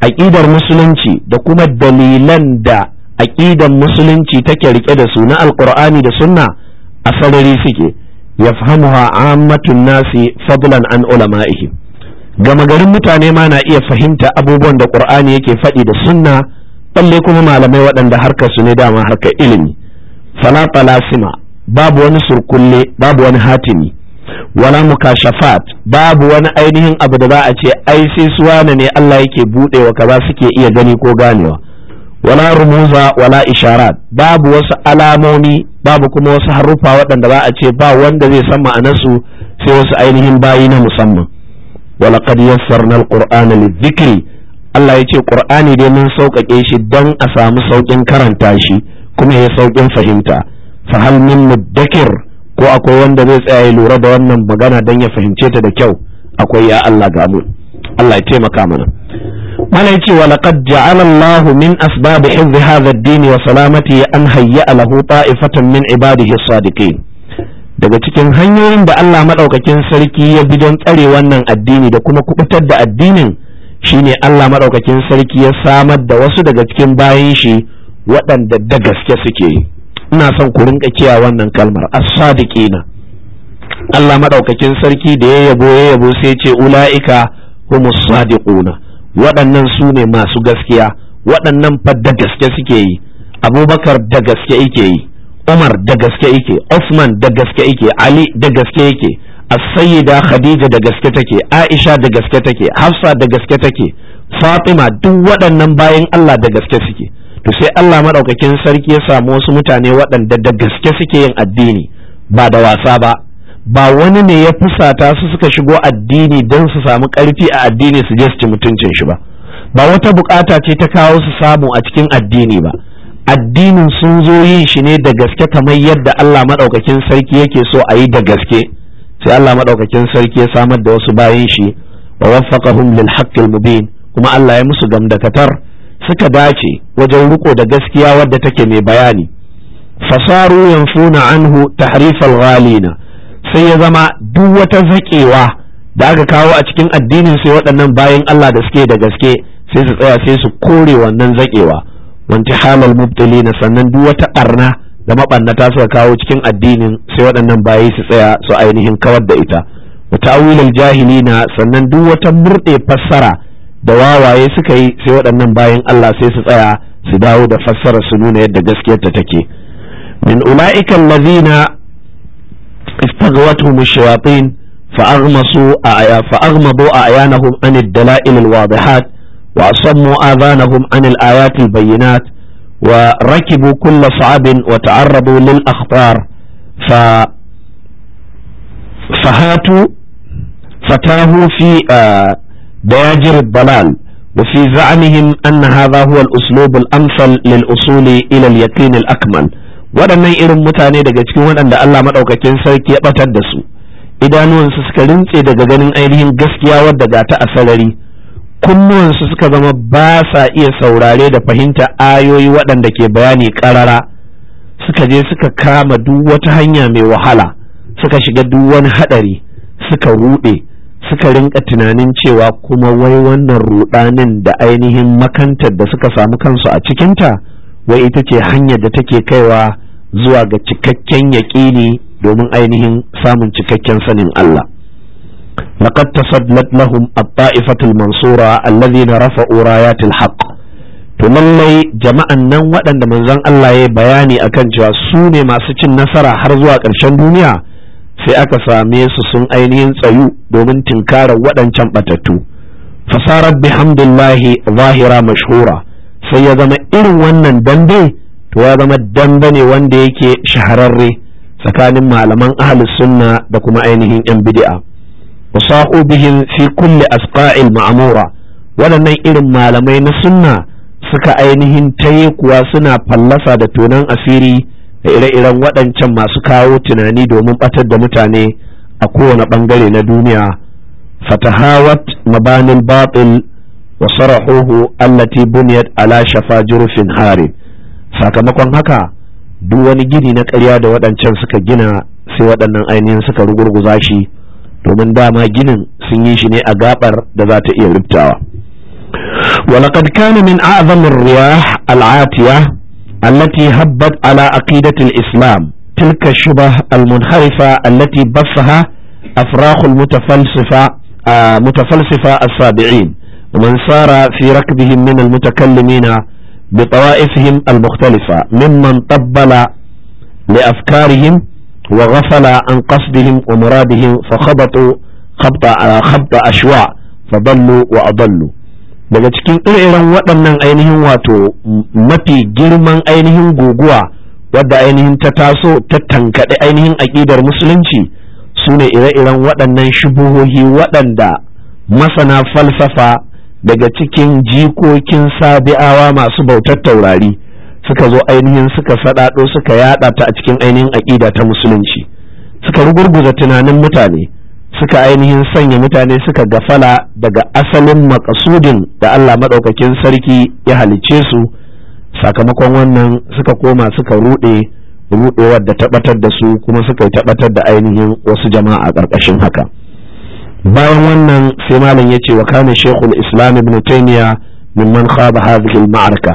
aƙidar musulunci da kuma dalilan da aƙidar musulunci take rike da su na alƙur'ani da sunna a sarari suke yafhamuha ammatun nasi fadlan an ulama'ihim gama garin mutane ma na iya fahimta abubuwan da ƙur'ani yake faɗi da sunna balle kuma malamai waɗanda harkar su ne dama harkar ilimi fala falasima babu wani surkulle babu wani hatimi wala mukashafat babu wani ainihin abu da za a ce ai sai suwana ne Allah yake wa kaza suke iya gani ko ganewa wala rumuza wala isharat babu wasu alamomi babu kuma wasu haruffa waɗanda za a ce ba wanda zai san ma'anarsu sai wasu ainihin bayi na musamman qad yassarna alqur'ana lidhikri Allah yace qur'ani dai mun sauƙaƙe shi dan a samu saukin karanta shi kuma ya saukin fahimta fa hal min muddakir ko akwai wanda zai tsaya ya lura da wannan magana don ya fahimce ta da kyau akwai ya Allah ga mu Allah ya taimaka mana mana yace wa laqad ja'ala Allahu min asbab hizb hadha ad-din wa salamati an hayya lahu ta'ifatan min ibadihi as-sadiqin daga cikin hanyoyin da Allah madaukakin sarki ya bi don tsare wannan addini da kuma kubutar da addinin shine Allah madaukakin sarki ya samar da wasu daga cikin bayan shi waɗanda da gaske suke yi ina son ku rinka kiya wannan kalmar as-sadiqina Allah madaukakin sarki da ya yabo ya yabo sai ce ula'ika humus sadiquna waɗannan su ne masu gaskiya waɗannan fa da gaske suke yi abubakar da gaske yake yi umar da gaske yake Osman da gaske yake ali da gaske yake as-sayyida khadija da gaske take aisha da gaske take hafsa da gaske take fatima duk waɗannan bayan Allah da gaske suke to sai Allah madaukakin sarki ya samu wasu mutane waɗanda da gaske suke yin addini ba da wasa ba ba wani ne ya fusata su suka shigo addini don su samu ƙarfi a addini su je su ci mutuncin shi ba ba wata bukata ce ta kawo su samu a cikin addini ba addinin sun zo yin shi ne da gaske kamar yadda Allah maɗaukakin sarki yake so a yi da gaske sai Allah maɗaukakin sarki ya samar da wasu bayan shi wa waffaqahum lil haqqil mubin kuma Allah ya musu gamdakatar suka dace wajen riko da gaskiya wadda take mai bayani fasaru yanfuna anhu tahrifal ghalina sai ya zama duk wata zakewa da aka kawo a cikin addinin sai waɗannan bayan Allah da suke da gaske sai su tsaya sai su kore wannan zakewa wanti halal mubtalina sannan duk wata arna da mabannata suka kawo cikin addinin sai waɗannan bayi su tsaya su ainihin kawar da ita wa ta'wilul jahilina sannan duk wata murde fassara da wawaye suka yi sai waɗannan bayan Allah sai su tsaya su dawo da fassara su nuna yadda gaskiyarta take min ula'ikan lazina istaghwatu mushayatin fa aghmasu a aya fa aghmadu a ayanahum anid dalail alwadihat wa asammu adhanahum anil ayati albayinat wa rakibu kull sa'abin wa ta'arrabu lil akhtar بياجر الضلال وفي زعمهم أن هذا هو الأسلوب الأمثل للأصول إلى اليقين الأكمل waɗannan irin mutane daga cikin waɗanda Allah maɗaukakin sarki ya ɓatar da su idanuwansu suka rintse daga ganin ainihin gaskiya wadda ga ta a sarari kunnuwansu suka zama ba sa iya saurare da fahimta ayoyi waɗanda ke bayani ƙarara suka je suka kama duk wata hanya mai wahala suka shiga duk wani haɗari suka ruɗe suka rinka tunanin cewa kuma wai wannan rudanin da ainihin makantar da suka samu kansu a cikinta wai ita ce hanyar da take kaiwa zuwa ga cikakken yaƙini domin ainihin samun cikakken sanin Allah laqad tasaddat lahum at-ta'ifatul mansura alladhina rafa'u rayatil haqq to lallai jama'an nan waɗanda manzon Allah ya bayani akan cewa su ne masu cin nasara har zuwa ƙarshen duniya sai aka same su sun ainihin tsayu domin tinkara waɗancan batattu fasarar bihamdullahi zahira mashhura sai ya zama irin wannan dambe to ya zama dambe ne wanda yake shahararre tsakanin malaman ahalus sunna da kuma ainihin yan bid'a Musa, bihim fi kulli asqa'il ma'mura waɗannan irin malamai na sunna suka ainihin taye kuwa suna fallasa da tonan asiri da ire-iren waɗancan masu kawo tunani domin ɓatar da mutane a kowane ɓangare na duniya fatahawat mabanin batil wa sarahuhu allati buniyat ala shafa jurfin harin sakamakon haka duk wani gini na karya da waɗancan suka gina sai waɗannan ainihin suka rugurguza shi domin dama ginin sun yi shi ne a gabar da za ta iya rubtawa ولقد كان من أعظم الرياح العاتية التي هبت على عقيدة الإسلام تلك الشبه المنحرفة التي بثها أفراخ المتفلسفة آه متفلسفة السابعين ومن سار في ركبهم من المتكلمين بطوائفهم المختلفة ممن طبل لأفكارهم وغفل عن قصدهم ومرادهم فخبطوا خبط آه، خبط أشواع فضلوا وأضلوا daga cikin ire-iren waɗannan ainihin wato mafi girman ainihin guguwa wadda ainihin ta taso ta tankaɗe ainihin aƙidar musulunci su ne ire-iren waɗannan shubuhohi waɗanda masana falsafa daga cikin jikokin sabi'awa masu bautar taurari suka zo ainihin suka saɗaɗo suka yaɗa ta a cikin ainihin aƙida ta musulunci suka rugurguza tunanin mutane suka ainihin sanya mutane suka gafala daga asalin makasudin da Allah maɗaukakin sarki ya halice su sakamakon wannan suka koma suka ruɗe ruɗewar da tabbatar da su kuma suka yi tabbatar da ainihin wasu jama'a a ƙarƙashin haka bayan wannan sai malam ya ce wa kana shekul islam ibn taymiya man khaba hadhihi al-ma'arka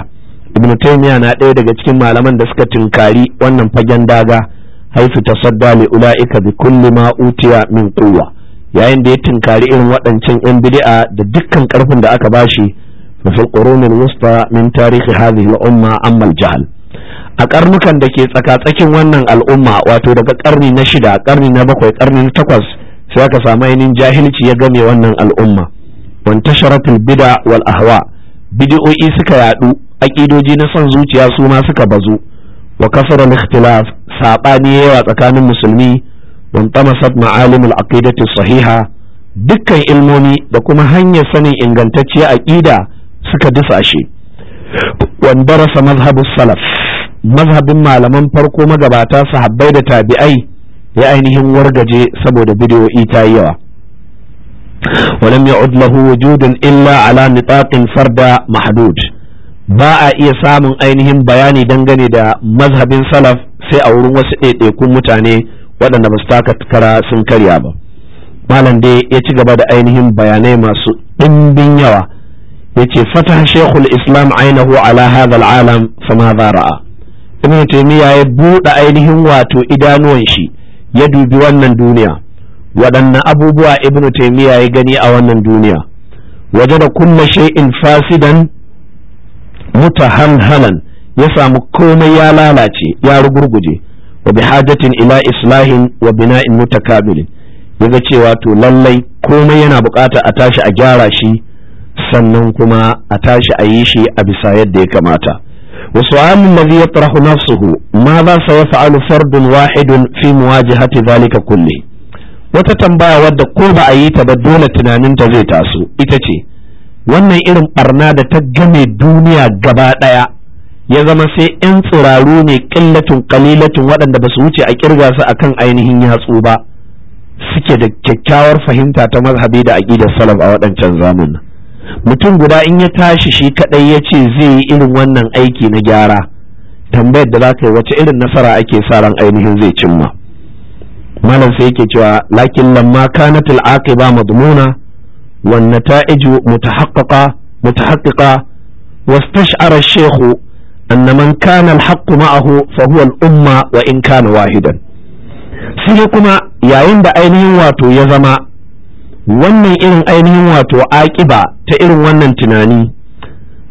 ibn taymiya na ɗaya daga cikin malaman da suka tinkari wannan fagen daga haifu ta li ula'ika bi kulli ma utiya min kuwa yayin da ya tunkari irin waɗancan yan bidi'a da dukkan karfin da aka bashi mafi fil wusta min tarihi hadhihi al umma amma jahal a ƙarnukan da ke tsakatsakin wannan al'umma wato daga karni na shida karni na bakwai karni na takwas sai aka samu ainihin jahilci ya game wannan al'umma wantasharatul bid'a wal ahwa bid'o'i suka yadu aƙidoji na son zuciya su ma suka bazu wa kasara ikhtilaf saɓani yawa tsakanin musulmi don tamasat ma'alimul aqidatu sahiha dukkan ilmomi da kuma hanyar sanin ingantacciyar aƙida suka dusashe wandarasa mazhabu salaf mazhabin malaman farko magabata sahabbai da tabi'ai ya ainihin wargaje saboda bidi'o'i ta yi yawa ولم يعد له وجود إلا على نطاق فرد محدود ba a iya samun ainihin bayani dangane da mazhabin salaf sai a wurin wasu ɗaiɗaikun mutane waɗanda ba su taka kara sun karya ba malam dai ya ci gaba da ainihin bayanai masu ɗimbin yawa ya ce fata shekul islam ainihu ala hadal alam za ra'a ibn taymiya ya buɗe ainihin wato idanuwan shi ya dubi wannan duniya waɗanne abubuwa ibn taymiya ya gani a wannan duniya waje da kulla shay'in fasidan mutahanhalan ya samu komai ya lalace ya rugurguje wa bi hajatin ila islahin wa bina'in mutakabilin yaga cewa to lallai komai yana bukata a tashi a gyara shi sannan kuma a tashi a yi shi a bisa yadda ya kamata wa su'alun ladhi yatrahu nafsuhu ma za sa yaf'alu fardun wahidun fi muwajahati dhalika kulle. wata tambaya wadda ko ba a yi ta ba dole tunaninta zai taso ita ce wannan irin barna da ta game duniya gaba ɗaya ya zama sai 'yan tsiraru ne ƙillatun ƙalilatun waɗanda ba su wuce a kirga su a kan ainihin yatsu ba suke da kyakkyawar fahimta ta mazhabi da aƙidar salaf a waɗancan zamanin mutum guda in ya tashi shi kaɗai ya ce zai yi irin wannan aiki na gyara tambayar da za ka yi wace irin nasara ake sa ran ainihin zai cimma malam sai yake cewa lakin lamma kanatul aqiba madmuna wan nata'iju mutahaqqaqa wasu wastash'ara ash-shaykh أن من كان الحق معه فهو الأمة وإن كان واحدا sai kuma yayin da ainihin wato ya zama wannan irin ainihin wato aƙiba ta irin wannan tunani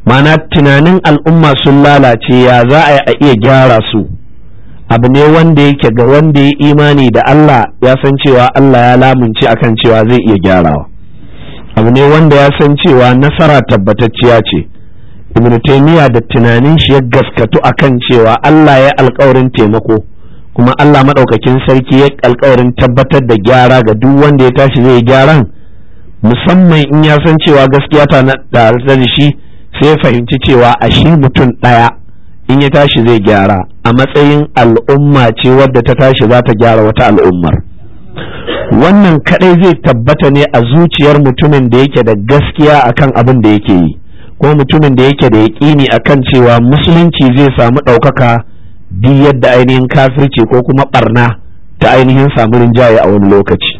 mana tunanin al'umma sun lalace ya za a iya gyara su abu ne wanda yake ga wanda ya imani da Allah ya san cewa Allah ya lamunci akan cewa zai iya gyarawa abu ne wanda ya san cewa nasara tabbatacciya ce ibn taymiya da tunanin shi ya gaskatu akan cewa Allah ya alƙawarin taimako kuma Allah madaukakin sarki ya alƙawarin tabbatar da gyara ga duk wanda ya tashi zai gyaran musamman in ya san cewa gaskiya ta na da shi sai fahimci cewa a shi mutum ɗaya in ya tashi zai gyara a matsayin al'umma ce wadda ta tashi za ta gyara wata al'ummar wannan kadai zai tabbata ne a zuciyar mutumin da yake da gaskiya akan abin da yake yi ko mutumin da yake da yaƙini akan cewa musulunci zai samu ɗaukaka duk yadda ainihin kafirci ko kuma barna ta ainihin samu rinjaye a wani lokaci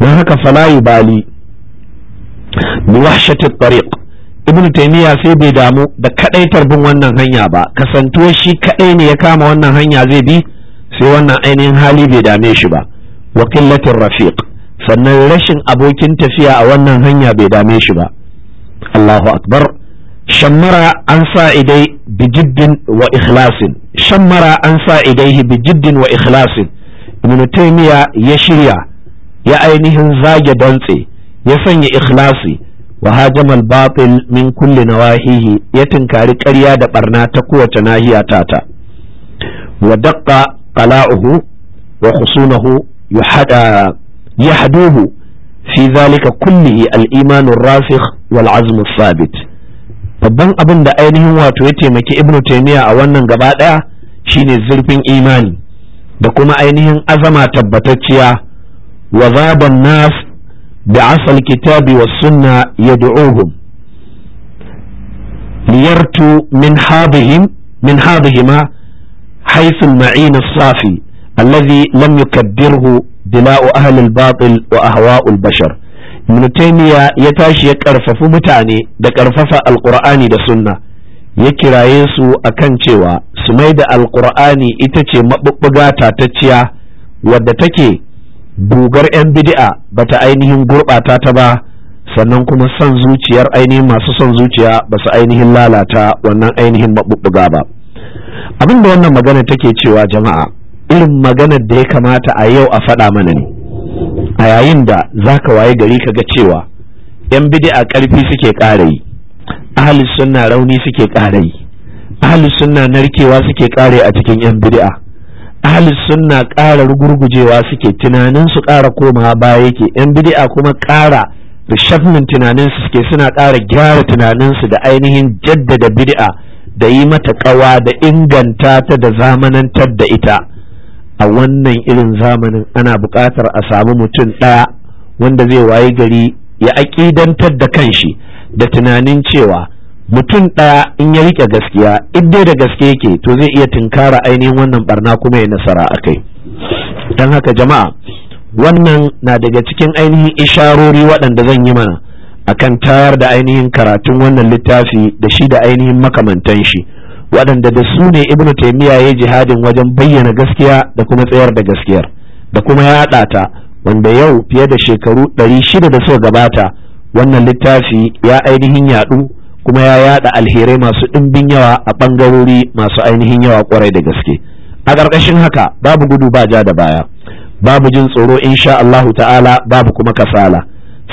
don haka falayi bali biwahshati tariq ibnu taymiya sai bai damu da kadaitar bin wannan hanya ba kasantuwa shi kadai ne ya kama wannan hanya zai bi sai wannan ainihin hali bai dame shi ba wa qillatir rafiq sannan rashin abokin tafiya a wannan hanya bai dame shi ba Allahu akbar shammara an sa idai bijiddin wa ikhlasin shammara an sa idaihi bijiddin wa ikhlasin ibn taymiya ya shirya ya ainihin zage dantse ya sanya ikhlasi wa hajamal batil min kulli nawahihi ya tinkari ƙarya da barna ta kowace nahiya tata wa daqqa qala'uhu wa khusunahu yahduhu fi zalika kullihi al-iman ar-rasikh wal babban abin da ainihin wato ya taimaki ibnu taimiya a wannan gaba ɗaya shine zurfin imani da kuma ainihin azama tabbatacciya wa zaban nas بعصا الكتاب ya يدعوهم ليرتوا من حابهم من حابهما حيث المعين safi. allazi lam yukabbirhu Dila'u ahlul batil wa ahwa'ul bashar ibn ya tashi ya ƙarfafi mutane da ƙarfafa alqur'ani da sunna ya kiraye su akan cewa su mai da ita ce mabubbuga tatacciya wadda take bugar 'yan bid'a bata ainihin gurɓata ta ba sannan kuma son zuciyar ainihin masu son zuciya ba su ainihin lalata wannan ainihin mabubbuga ba abin da wannan magana take cewa jama'a irin maganar da ya kamata a yau a faɗa mana ne a yayin da za ka waye gari ka ga cewa 'yan bidi'a ƙarfi suke ƙara yi ahli suna rauni suke ƙara yi ahli suna narkewa suke ƙare a cikin 'yan bidi'a ahli suna ƙara rugurgujewa suke tunanin su ƙara komawa baya yake 'yan bidi'a kuma ƙara reshafnin tunanin su suke suna ƙara gyara tunanin su da ainihin jaddada bidi'a da yi mata ƙawa da inganta ta da zamanantar da ita a wannan irin zamanin ana buƙatar a samu mutum ɗaya wanda zai waye gari ya aƙidantar da kanshi da tunanin cewa mutum ɗaya in ya riƙe gaskiya in da gaske yake to zai iya tunkara ainihin wannan barna kuma ya nasara a kai don haka jama'a wannan na daga cikin ainihin isharori waɗanda zan yi mana akan tayar da ainihin karatun wannan littafi da shi da ainihin makamantan shi waɗanda da su ne ibn taymiya ya jihadin wajen bayyana gaskiya da kuma tsayar da gaskiyar da kuma yaɗa ta wanda yau fiye da shekaru ɗari shida da suka gabata wannan littafi ya ainihin yaɗu kuma ya yaɗa alherai masu ɗimbin yawa a ɓangarori masu ainihin yawa ƙwarai da gaske a ƙarƙashin haka babu gudu ba ja da baya babu jin tsoro insha Allahu ta'ala babu kuma kasala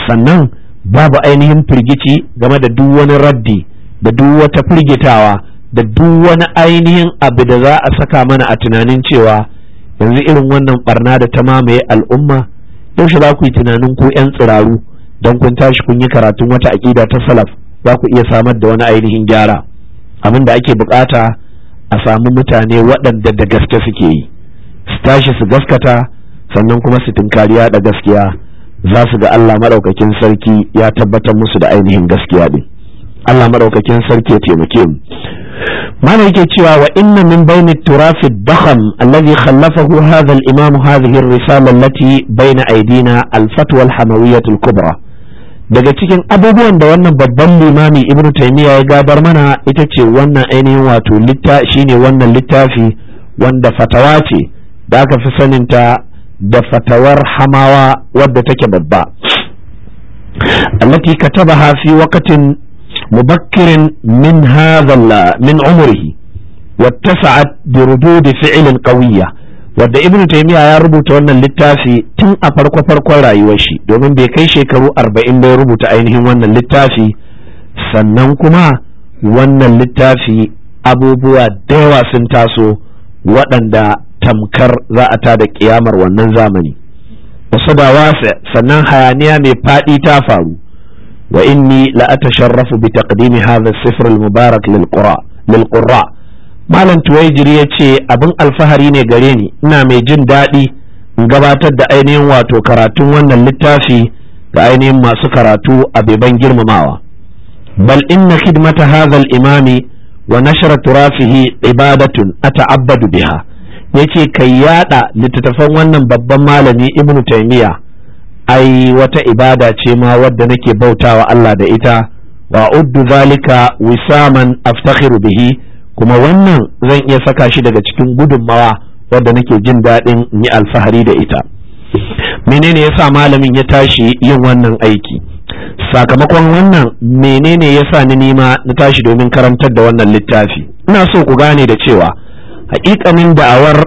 sannan babu ainihin firgici game da duk wani raddi da duk wata firgitawa da duk wani ainihin abu da za a saka mana a tunanin cewa yanzu irin wannan barna da ta mamaye al'umma yaushe za ku yi tunanin ko 'yan tsiraru don kun tashi kun yi karatun wata aƙida ta salaf za ku iya samar da wani ainihin gyara abin da ake bukata a samu mutane waɗanda da gaske suke yi su tashi su gaskata sannan kuma su tunkariya da gaskiya za su ga Allah maɗaukakin sarki ya tabbatar musu da ainihin gaskiya ɗin. Allah madaukakin sarki ya taimake mu mana yake cewa wa inna min bayni turafi dakham alladhi khallafahu hadha al-imam hadhihi ar-risala allati bayna aydina al-fatwa al-hamawiyyah al-kubra daga cikin abubuwan da wannan babban limami ibn taymiya ya gabar mana ita ce wannan ainihin wato litta shine wannan littafi wanda fatawa ce da aka fi saninta da fatawar hamawa wadda take babba allati katabaha fi waqtin مبكر من هذا من عمره واتسعت بردود فعل قوية wadda ibnu taymiya ya rubuta wannan littafi tun a farko farkon rayuwar shi domin bai kai shekaru arba'in ya rubuta ainihin wannan littafi sannan kuma wannan littafi abubuwa da yawa sun taso waɗanda tamkar za a da kiyamar wannan zamani wasu ba wasa sannan hayaniya mai faɗi ta faru wa inni la atasharrafu bi taqdimi hadha as-sifr al-mubarak lil qura lil qurra malam tuwaijiri yace abin alfahari ne gare ni ina mai jin daɗi in gabatar da ainihin wato karatun wannan littafi da ainihin masu karatu a beban girmamawa bal inna khidmata hadha al-imami wa nashra turafihi ibadatun ata'abbadu biha yace kai yaɗa littattafan wannan babban malami ibnu taymiya ai wata ibada ce ma wadda nake bautawa Allah da ita wa uddu zalika wisaman aftakhiru bihi kuma wannan zan iya saka shi daga cikin gudunmawa wadda nake jin daɗin yi alfahari da ita menene yasa malamin ya tashi yin wannan aiki sakamakon wannan menene yasa ni nima na tashi domin karantar da wannan littafi ina so ku gane da cewa hakikanin da'awar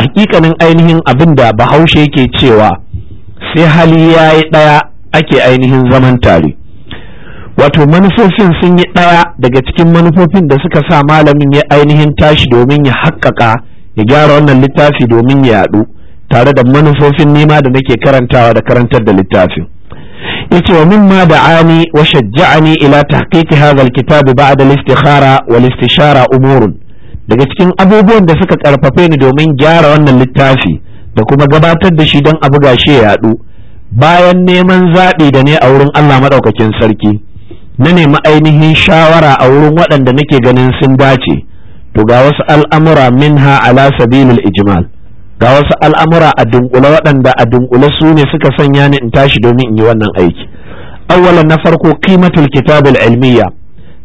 hakikanin ainihin abin da bahaushe ke cewa sai hali ya yi ɗaya ake ainihin zaman tare wato manufofin sun yi ɗaya daga cikin manufofin da suka sa malamin ya ainihin tashi domin ya haƙƙaƙa ya gyara wannan littafi domin ya yaɗu tare da manufofin nema da nake karantawa da karantar da littafin yace wa da da'ani wa shajja'ani ila tahqiqi hadha alkitab ba'da al wa wal istishara umurun daga cikin abubuwan da suka karfafe ni domin gyara wannan littafi da kuma gabatar da shi don a buga shi ya yaɗu bayan neman zaɓi da ne a wurin Allah maɗaukakin sarki na nemi ainihin shawara a wurin waɗanda nake ganin sun dace to ga wasu al'amura minha ala sabilil ijmal ga wasu al'amura a dunkule waɗanda a dunkule su ne suka sanya ni in tashi domin in yi wannan aiki awwalan na farko qimatul kitabul ilmiya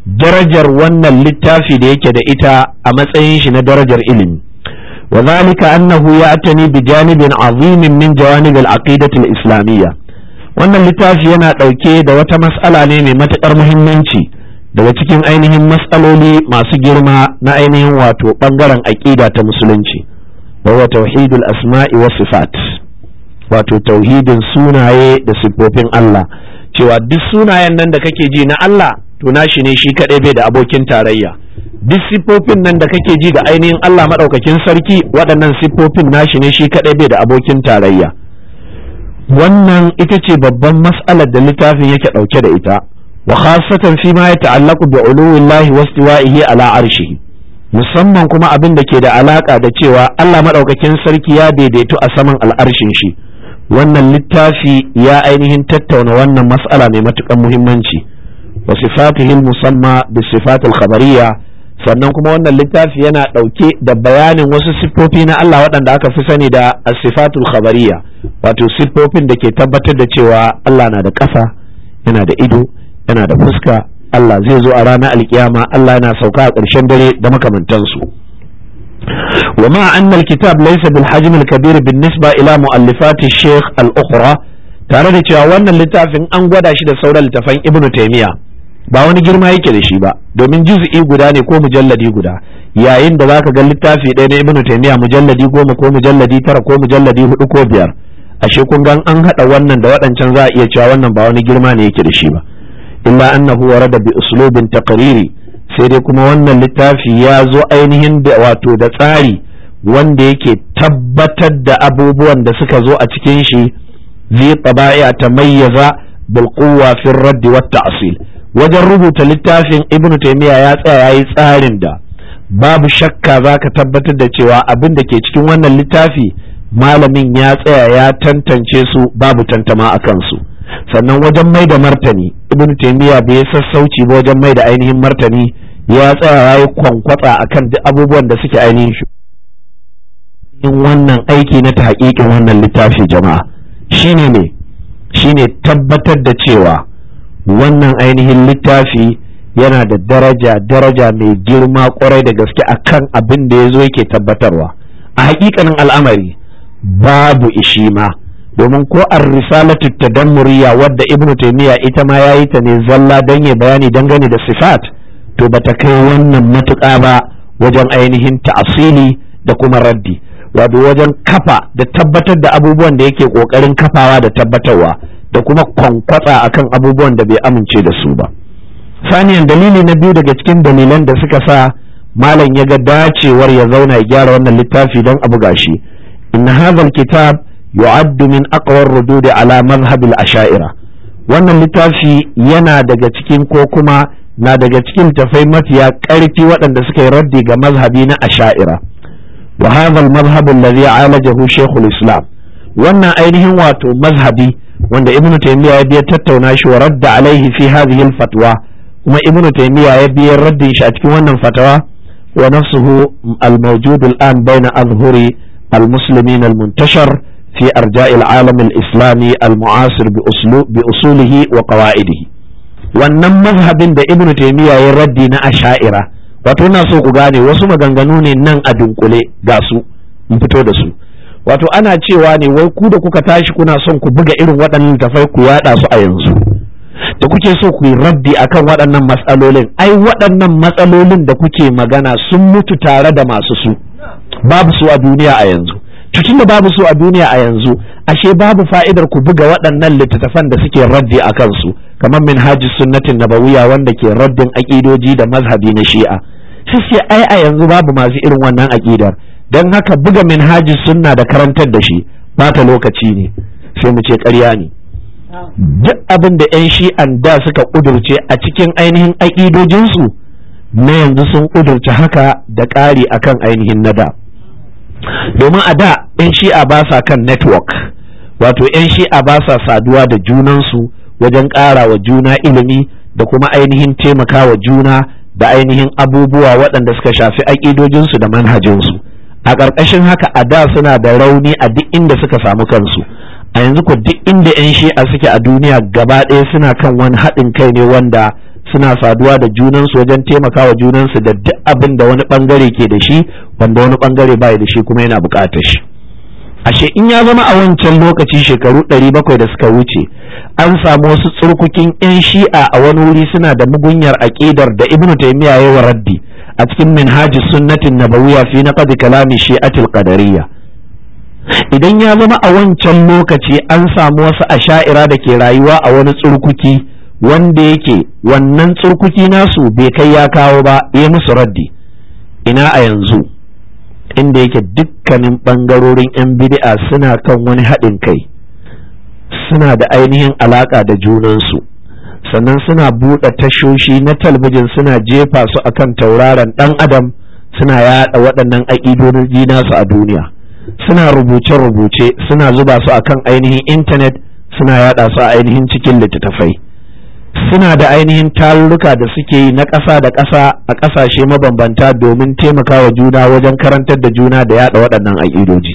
darajar wannan littafi da yake da ita a matsayin shi na darajar ilimi وذلك أنه يأتني بجانب عظيم من جوانب العقيدة الإسلامية wannan littafi yana ɗauke da wata matsala ne mai matuƙar muhimmanci daga cikin ainihin matsaloli masu girma na ainihin wato ɓangaren aƙida ta musulunci wa tauhidul asma'i wa sifat wato tauhidin sunaye da siffofin Allah cewa duk sunayen nan da kake ji na Allah to nashi ne shi kaɗai bai da abokin tarayya duk siffofin nan da kake ji da ainihin Allah maɗaukakin sarki waɗannan siffofin nashi ne shi kaɗai bai da abokin tarayya wannan ita ce babban mas'alar da littafin yake ɗauke da ita wa khasatan fi ma ya ta'allaqu bi uluwillahi wastiwa'ihi ala arshihi musamman kuma abin da ke da alaka da cewa Allah maɗaukakin sarki ya daidaitu a saman al'arshin shi wannan littafi ya ainihin tattauna wannan mas'ala mai matuƙar muhimmanci wa sifatihi musamma bi sifatil khabariyya sannan kuma wannan littafi yana ɗauke da bayanin wasu siffofi na Allah waɗanda aka fi sani da asifatul khabariya wato siffofin da ke tabbatar da cewa Allah na da ƙafa yana da ido yana da fuska Allah zai zo a ranar alkiyama Allah yana sauka a ƙarshen dare da makamantansu wa ma kitab Laisa bil Kabiru al bin nisba ila muallifat shekh sheikh al ukhra tare da cewa wannan littafin an gwada shi da sauran littafan ibnu Taimiyya. ba wani girma yake da shi ba domin juz'i guda ne ko mujalladi guda yayin da zaka ga littafi ɗaya na ibnu taymiya mujalladi goma ko mujalladi tara ko mujalladi hudu ko biyar ashe kun gan an hada wannan da waɗancan za a iya cewa wannan ba wani girma ne yake da shi ba illa annahu warada bi uslubin taqriri sai dai kuma wannan littafi ya zo ainihin da wato da tsari wanda yake tabbatar da abubuwan da suka zo a cikin shi zai taba'i ta mayyaza bil quwwa fi raddi wat ta'sil wajen rubuta littafin Ibn taimiyya ya tsaya ya yi tsarin da babu shakka za ka tabbatar da cewa abin da ke cikin wannan littafi malamin ya tsaya ya tantance su babu tantama a kansu sannan wajen mai da martani ibn taimiyya bai sassauci ba wajen mai da ainihin martani ya tsaya ya yi kwankwatsa a kan duk abubuwan da suke ainihin shi in wannan aiki na ta wannan littafi jama'a shine ne shine tabbatar da cewa wannan ainihin littafi yana da daraja daraja mai girma kwarai da gaske a kan abin da ya zo yake tabbatarwa a hakikanin al'amari babu ishima domin ko a an risalatu muriya wadda ibn taimiyya ita ma ya yi ta ne zalla don ya bayani dangane da sifat to bata kai wannan matuƙa ba wajen ainihin ta'asili da kuma raddi wato wajen kafa da tabbatar da abubuwan da yake kokarin kafawa da tabbatarwa da kuma kwankwatsa akan abubuwan da bai amince da su ba saniyan dalili na biyu daga cikin dalilan da suka sa malam ya ga dacewar ya zauna ya gyara wannan littafi don abu gashi inna hadhal kitab yu'addu min aqwar rudud ala madhhab al-asha'ira wannan littafi yana daga cikin ko kuma na daga cikin tafai mafiya ƙarfi waɗanda suka yi raddi ga mazhabi na asha'ira wa hadha al-madhhab alladhi alajahu shaykh islam wannan ainihin wato mazhabi wanda ibnu taymiya ya biya tattauna shi wa radda alaihi fi hadhihi al-fatwa kuma ibnu taymiya ya biya raddin shi a cikin wannan fatawa wa nafsuhu al-mawjud al-an baina azhuri al-muslimin al-muntashar fi arja'il al-alam al-islami al-mu'asir bi bi usulihi wa qawaidihi wannan mazhabin da ibnu taymiya ya raddi na asha'ira wato na so ku gane wasu maganganu ne nan a dunkule ga su in fito da su wato ana cewa ne wai ku da kuka tashi kuna son ku buga irin waɗannan tafai ku yaɗa su a yanzu da kuke so ku yi raddi akan waɗannan matsalolin ai waɗannan matsalolin da kuke magana sun mutu tare da masu su babu su a duniya a yanzu tutun da babu su a duniya a yanzu ashe babu fa'idar ku buga waɗannan littattafan da suke raddi a kansu kamar min hajji sunnatin nabawiya wanda ke raddin aƙidoji da mazhabi na shi'a sai ai a yanzu babu masu irin wannan aƙidar don haka buga minhajis sunna da karantar da shi bata lokaci ne sai mu ce ƙarya ne duk abin da 'yan shi'an da suka ƙudurce a cikin ainihin aƙidojinsu na yanzu sun ƙudurce haka da ƙari akan ainihin na da domin a da 'yan shi'a ba sa kan network wato 'yan shi'a ba sa saduwa da junansu wajen ƙara wa juna ilimi da kuma ainihin taimaka wa juna da ainihin abubuwa waɗanda suka shafi aƙidojinsu da manhajinsu a ƙarƙashin haka a da suna da rauni a duk inda suka samu kansu a yanzu ko duk inda 'yan shi'a suke a duniya gaba ɗaya suna kan wani haɗin kai ne wanda suna saduwa da junansu wajen taimakawa junansu da duk abin da wani ɓangare ke da shi wanda wani ɓangare bai da shi kuma yana buƙatar shi ashe in ya zama a wancan lokaci shekaru 700 da suka wuce an samu wasu tsurkukin 'yan shi'a a wani wuri suna da mugunyar aƙidar da ibnu taymiya ya raddi a cikin minhaji sunnatin nabawiya fi naqd kalami shi'atil qadariyya idan ya zama a wancan lokaci an samu wasu asha'ira da ke rayuwa a wani tsurkuki wanda yake wannan tsurkuki nasu bai kai ya kawo ba ya musu raddi ina a yanzu inda yake dukkanin bangarorin 'yan bid'a suna kan wani haɗin kai suna da ainihin alaƙa da junansu sannan suna buɗe tashoshi na talbijin suna jefa su akan tauraron ɗan adam suna yaɗa waɗannan aƙidoji nasu a duniya suna rubuce-rubuce suna zuba su akan ainihin intanet suna yaɗa su a ainihin cikin littattafai suna da ainihin taruruka da suke yi na ƙasa da ƙasa a ƙasashe mabambanta domin taimakawa juna wajen karantar da juna da yaɗa waɗannan aƙidoji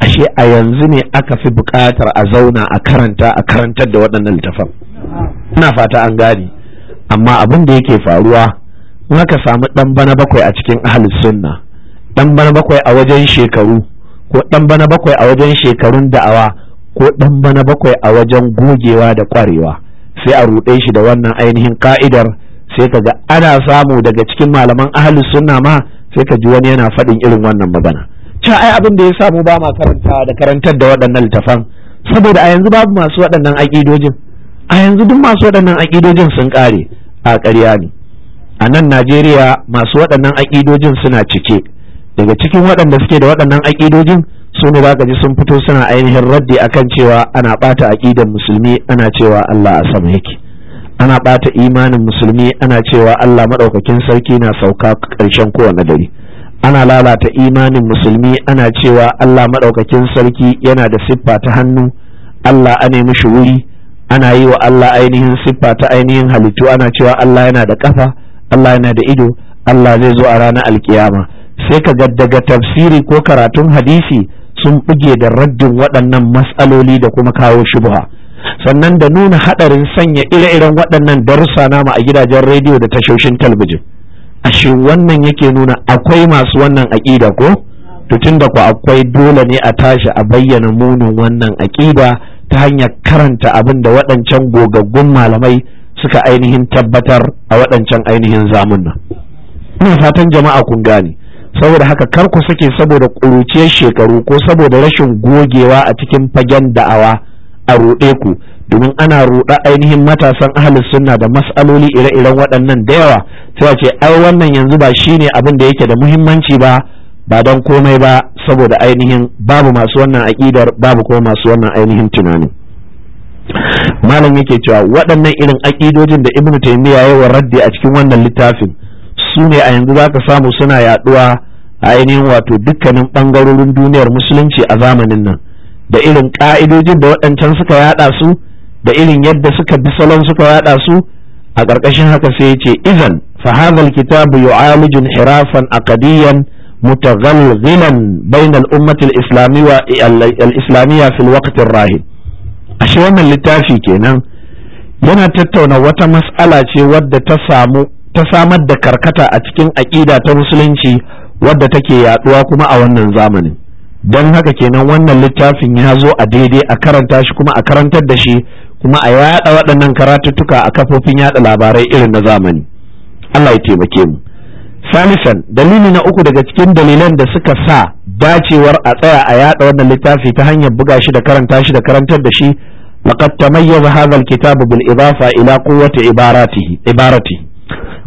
ashe a yanzu ne aka fi buƙatar a zauna a karanta a karantar da waɗannan littafan ina fata an gane amma abin da yake faruwa in aka samu dan bana bakwai a cikin ahlus sunna dan bana bakwai a wajen shekaru ko dan bana bakwai a wajen shekarun da'awa ko dan bana bakwai a wajen gogewa da kwarewa sai a ruɗe shi da wannan ainihin ka'idar sai ka ga ana samu daga cikin malaman ahlus sunna ma sai ka ji wani yana faɗin irin wannan magana c'a ai abin da ya samu ba ma karantawa da karantar da waɗannan littafan saboda a yanzu babu masu waɗannan aƙidojin a yanzu duk masu waɗannan aƙidojin sun ƙare a ƙarya ne a nan najeriya masu waɗannan aƙidojin suna cike daga cikin waɗanda suke da waɗannan aƙidojin su ne ji sun fito suna ainihin raddi akan cewa ana ɓata aƙidar musulmi ana cewa allah a sama yake ana ɓata imanin musulmi ana cewa allah maɗaukakin sarki na sauka ƙarshen kowane dare ana lalata imanin musulmi ana cewa allah maɗaukakin sarki yana da siffa ta hannu allah a nemi shi wuri ana yi wa Allah ainihin siffa ta ainihin halittu ana cewa Allah yana da kafa Allah yana da ido Allah zai zo a ranar alkiyama sai ka ga daga tafsiri ko karatun hadisi sun buge da raddin waɗannan matsaloli da kuma kawo shubha sannan da nuna haɗarin sanya ire-iren waɗannan darussa nama a gidajen rediyo da tashoshin talbijin ashe wannan yake nuna akwai masu wannan aƙida ko to tunda ku akwai dole ne a tashi a bayyana munin wannan aƙida ta hanyar karanta abin da waɗancan gogaggun malamai suka ainihin tabbatar a waɗancan ainihin zamunna ina fatan jama'a kun gane saboda haka kar ku sake saboda ƙuruciyar shekaru ko saboda rashin gogewa a cikin fagen da'awa a ruɗe ku domin ana ruɗa ainihin matasan ahalin sunna da matsaloli ire-iren waɗannan da yawa sai a ce ai wannan yanzu ba shine abin da yake da muhimmanci ba ba don komai ba saboda ainihin babu masu wannan aƙidar babu kuma masu wannan ainihin tunani malam yake cewa waɗannan irin aƙidojin da ibnu taymiya ya wa raddi a cikin wannan littafin su ne a yanzu zaka samu suna yaduwa a ainihin wato dukkanin bangarorin duniyar musulunci a zamanin nan da irin ƙa'idojin da waɗancan suka yada su da irin yadda suka bi salon suka yada su a ƙarƙashin haka sai ce izan fa hadha alkitabu yu'alijun hirafan aqadiyan متغلغلا بين الأمة الإسلامية الإسلامية في الوقت الراهن ashe wannan littafi kenan yana tattauna wata mas'ala ce wadda ta samu ta samar da karkata a cikin aƙida ta musulunci wadda take yaduwa kuma a wannan zamanin don haka kenan wannan littafin ya zo a daidai a karanta shi kuma a karantar da shi kuma a yada waɗannan karatuttuka a kafofin yada labarai irin na zamani Allah ya taimake mu salisan dalili na uku daga cikin dalilan da suka sa dacewar a tsaya a yada wannan littafi ta hanyar buga shi da karanta shi da karantar da shi laqad tamayyaza hadha alkitab bil idafa ila quwwati ibaratihi ibarati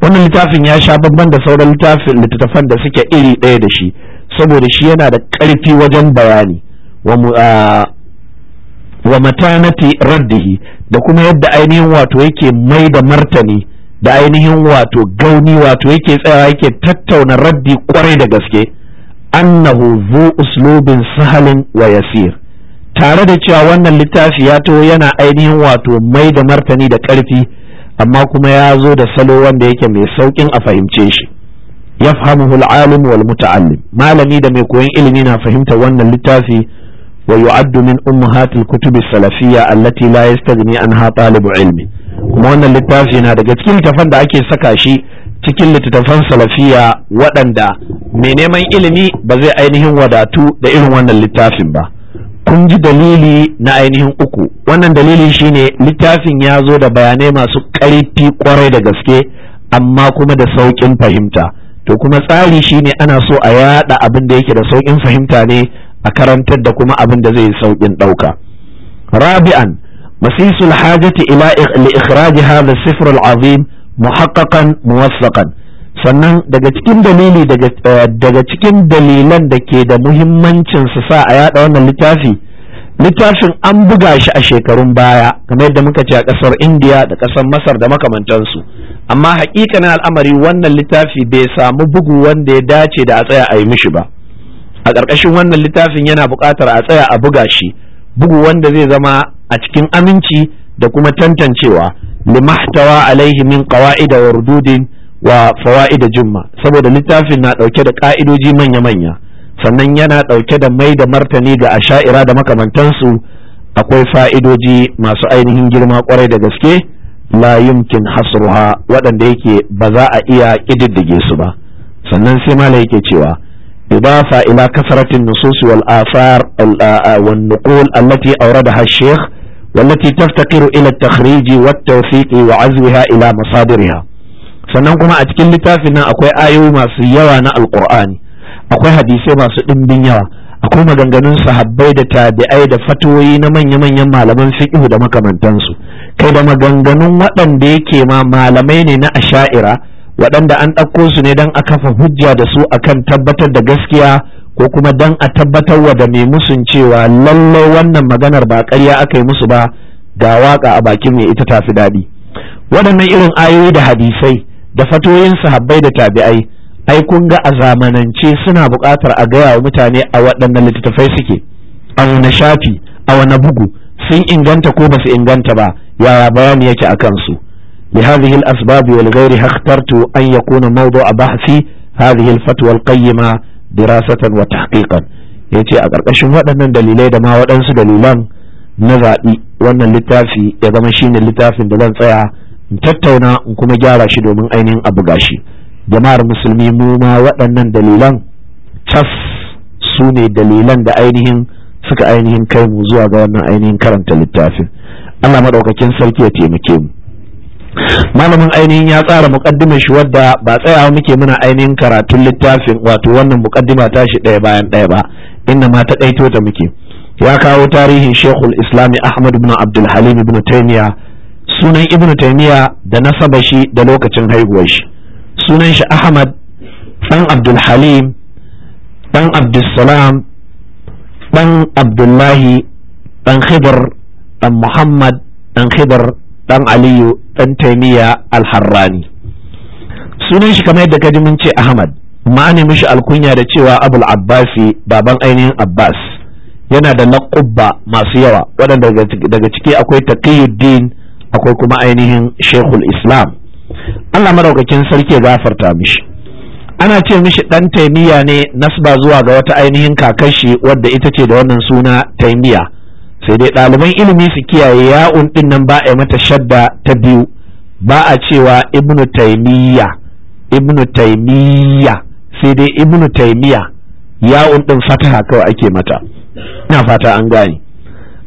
wannan littafin ya sha babban da sauran littafin littattafan da suke iri ɗaya da shi saboda shi yana da karfi wajen bayani wa matanati raddihi da kuma yadda ainihin wato yake mai da martani da ainihin wato gauni wato yake tsayawa yake tattauna raddi kwarai da gaske annahu zu uslubin sahalin wa yasir tare da cewa wannan littafi ya to yana ainihin wato mai da martani da ƙarfi amma kuma ya zo da salo wanda yake mai sauƙin a fahimce shi yafhamuhu al-alim wal muta'allim malami da mai koyon ilimi na fahimta wannan littafi wa yu'addu min ummahatil kutubi salafiyya allati la yastaghni anha talibu ilmin kuma wannan littafi na daga cikin littafan da ake saka shi cikin littattafan salafiya waɗanda mai neman ilimi ba zai ainihin wadatu da irin wannan littafin ba kun ji dalili na ainihin uku wannan dalili shine littafin ya zo da bayanai masu ƙarfi kwarai da gaske amma kuma da sauƙin fahimta to kuma tsari shine ana so a yada abin da yake da sauƙin fahimta ne a karantar da kuma abin da zai sauƙin ɗauka rabi'an مسيس الحاجة إلى لإخراج هذا السفر العظيم محققا موثقا sannan daga cikin dalili daga cikin dalilan da ke da muhimmancin su sa a yada wannan littafi littafin an buga shi a shekarun baya kamar yadda muka ce a kasar indiya da kasar masar da makamantansu amma hakikanin al'amari wannan littafi bai samu bugu wanda ya dace da a tsaya a yi mishi ba a ƙarƙashin wannan littafin yana buƙatar a tsaya a buga shi bugu wanda zai zama a cikin aminci da kuma tantancewa limahtawa alaihi min qawaida wa rududin wa fawaida jumma saboda littafin na dauke da ka'idoji manya-manya sannan yana dauke da mai da martani ga asha'ira da makamantansu akwai fa'idoji masu ainihin girma kwarai da gaske la yumkin hasruha waɗanda yake ba za a iya ƙididdige su ba sannan sai mala yake cewa إضافة إلى كثرة النصوص والآثار والنقول التي أوردها الشيخ والتي تفتقر إلى التخريج والتوثيق وعزوها إلى مصادرها sannan kuma a cikin littafin nan akwai ayoyi masu yawa na Alƙur'ani akwai hadisai masu ɗimbin yawa akwai maganganun sahabbai da tabi'ai da fatoyi na manya-manyan malaman fiqh da makamantansu kai da maganganun waɗanda yake ma malamai ne na asha'ira waɗanda an ɗauko su ne don a kafa hujja da su akan tabbatar da gaskiya ko kuma don a tabbatar wa da mai musun cewa lallai wannan maganar ba ƙarya aka yi musu ba ga waƙa a bakin mai ita tafi daɗi waɗannan irin ayoyi da hadisai da fatoyin sahabbai da tabi'ai ai kun ga a zamanance suna buƙatar a gaya wa mutane a waɗannan littattafai suke a wani shafi a wani bugu sun inganta ko ba su inganta ba yaya bayani yake a kansu بهذه الأسباب ولغيرها اخترت أن يكون موضوع بحثي هذه الفتوى القيمة دراسة وتحقيقا yace a ƙarƙashin waɗannan dalilai da ma waɗansu dalilan na zaɓi wannan littafi ya zama shine littafin da zan tsaya in tattauna in kuma gyara shi domin ainihin abu gashi jama'ar musulmi mu waɗannan dalilan cas su ne dalilan da ainihin suka ainihin kai mu zuwa ga wannan ainihin karanta littafin Allah maɗaukakin sarki ya taimake mu malamin ainihin ya tsara mukaddimar shi wadda ba tsayawa muke muna ainihin karatun littafin wato wannan mukaddima ta shi ɗaya bayan ɗaya ba inda ma ta ɗaito ta muke ya kawo tarihin shekul islami ahmad ibn abdul halim ibn taymiya sunan ibn taimiya da nasaba shi da lokacin haihuwar shi sunan shi ahmad dan abdul halim dan abdul salam dan abdullahi dan khidr dan muhammad dan khidr dan aliyu Ɗan taimiya alharrani sunan shi kamar yadda kaji mun ce ahmad ma'ani mishi alkunya da cewa abul abbasi baban ainihin abbas yana da laqubba masu yawa waɗanda daga ciki akwai taqiyuddin akwai kuma ainihin shekul islam allah maraukakin sarki ya gafarta mishi ana ce mishi ɗan taimiya ne nasba zuwa ga wata ainihin kakashi wadda ita ce da wannan suna taimiya sai dai ɗaliban ilimi su kiyaye ya'un ɗin nan ba a mata shadda ta biyu ba a cewa ibnu taimiyya ibnu taimiyya sai dai ibnu taimiyya ya'un ɗin fataha kawai ake mata ina fata an gane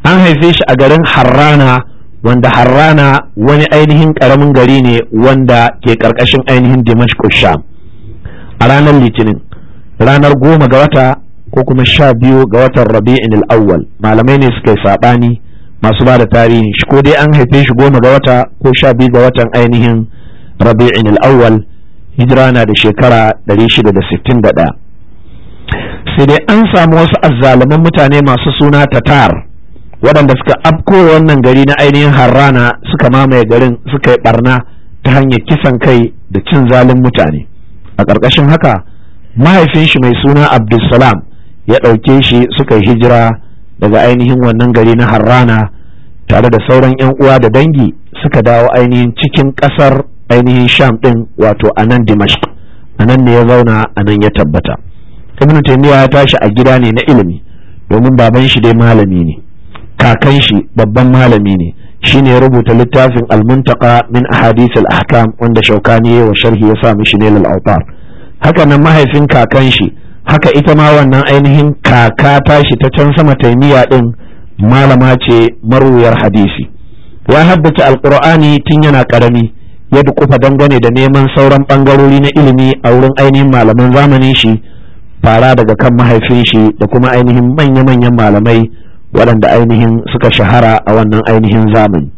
an haife shi a garin harrana wanda harrana wani ainihin ƙaramin gari ne wanda ke ƙarƙashin ainihin dimashq sham a ranar litinin ranar goma ga wata ko kuma sha biyu ga watan rabi'in al'awwal malamai ne suka yi saɓani masu ba da tarihin shi ko dai an haife shi goma ga wata ko sha biyu ga watan ainihin rabi'in al'awwal hijira na da shekara 661 sai dai an samu wasu azzaluman mutane masu suna tatar waɗanda suka afko wannan gari na ainihin harrana suka mamaye garin suka yi barna ta hanyar kisan kai da cin zalin mutane a ƙarƙashin haka mahaifin shi mai suna abdulsalam ya ɗauke shi suka hijira daga ainihin wannan gari na harrana tare da sauran 'yan uwa da dangi suka dawo ainihin cikin ƙasar ainihin sham ɗin wato a nan dimashq a nan ne ya zauna a nan ya tabbata ibn taymiya ya tashi a gida ne na ilimi domin baban shi dai malami ne kakan shi babban malami ne shine ya rubuta littafin almuntaka min ahadith al-ahkam wanda shaukani ya wa sharhi ya sa mishi ne lalautar, haka nan mahaifin kakan shi haka ita ma wannan ainihin kaka tashi ta can sama taimiya din malama ce marwuyar hadisi ya haddace alkur'ani tun yana karami ya dukufa dangane da neman sauran bangarori na ilimi a wurin ainihin malaman zamanin shi fara daga kan mahaifin shi da kuma ainihin manya-manyan malamai waɗanda ainihin suka shahara a wannan ainihin zamani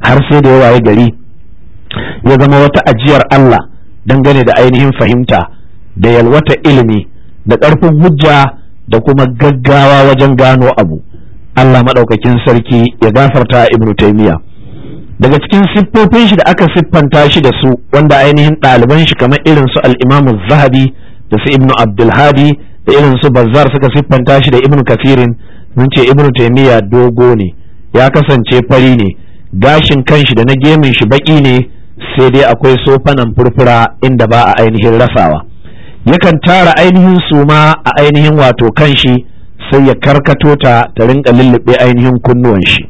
har sai da yawa ya gari ya zama wata ajiyar Allah dangane da ainihin fahimta da yalwata ilimi da ƙarfin hujja da kuma gaggawa wajen gano abu Allah maɗaukakin sarki ya gafarta ibnu taimiya daga cikin siffofin shi da aka siffanta shi da su wanda ainihin ɗaliban shi kamar irin su al zahabi da su ibnu abdulhadi da irin su bazzar suka siffanta shi da ibnu kafirin mun ce ibnu Taimiyya dogo ne ya kasance fari ne gashin kanshi da na gemin shi baki ne sai dai akwai sofanan furfura inda ba a ainihin rasawa yakan tara ainihin suma a ainihin wato kan shi sai ya karkato ta ta rinka lullube ainihin kunnuwan shi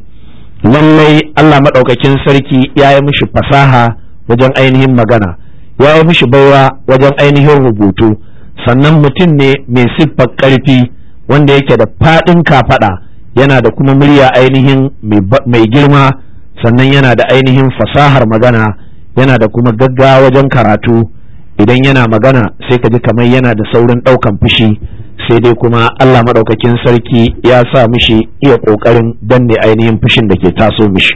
lallai Allah maɗaukakin sarki ya yi mishi fasaha wajen ainihin magana ya yi mishi baiwa wajen ainihin rubutu sannan mutum ne mai siffar ƙarfi wanda yake da faɗin kafaɗa yana da kuma murya ainihin mai girma sannan yana da ainihin fasahar magana yana da kuma gaggawa wajen karatu idan yana magana sai ka ji kamar yana da saurin ɗaukan fushi sai dai kuma Allah maɗaukakin sarki ya sa mishi iya ƙoƙarin danne ainihin fushin da ke taso mishi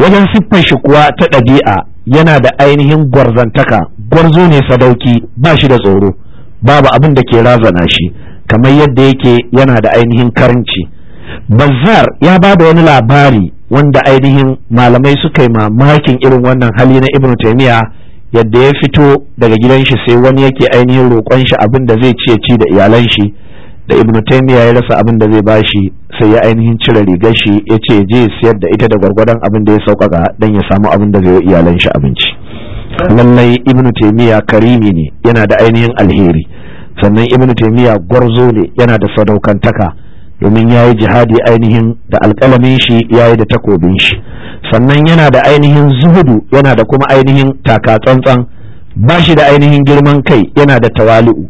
wajen siffar shi kuwa ta ɗabi'a yana da ainihin gwarzantaka gwarzo ne sadauki ba shi da tsoro babu abin da ke razana shi kamar yadda yake yana da ainihin karinci bazar ya ba da wani labari wanda ainihin malamai suka yi mamakin irin wannan hali na Ibn taimiya yadda ya fito daga gidan shi sai wani yake ainihin roƙon shi abin da zai ciye ya ci da iyalan shi da ibn taymiya ya rasa abin da zai bashi sai ya ainihin cire rigar shi ya ce je sayar da ita da gwargwadon abin da ya sauƙaƙa dan ya samu abin da zai yi iyalan shi abinci lallai ibn taymiya karimi ne yana da ainihin alheri sannan ibn taymiya gwarzo ne yana da sadaukantaka domin ya yi jihadi ainihin da alƙalamin shi ya yi da takobin shi sannan yana da ainihin zuhudu yana da kuma ainihin taka tsantsan ba shi da ainihin girman kai yana da tawali'u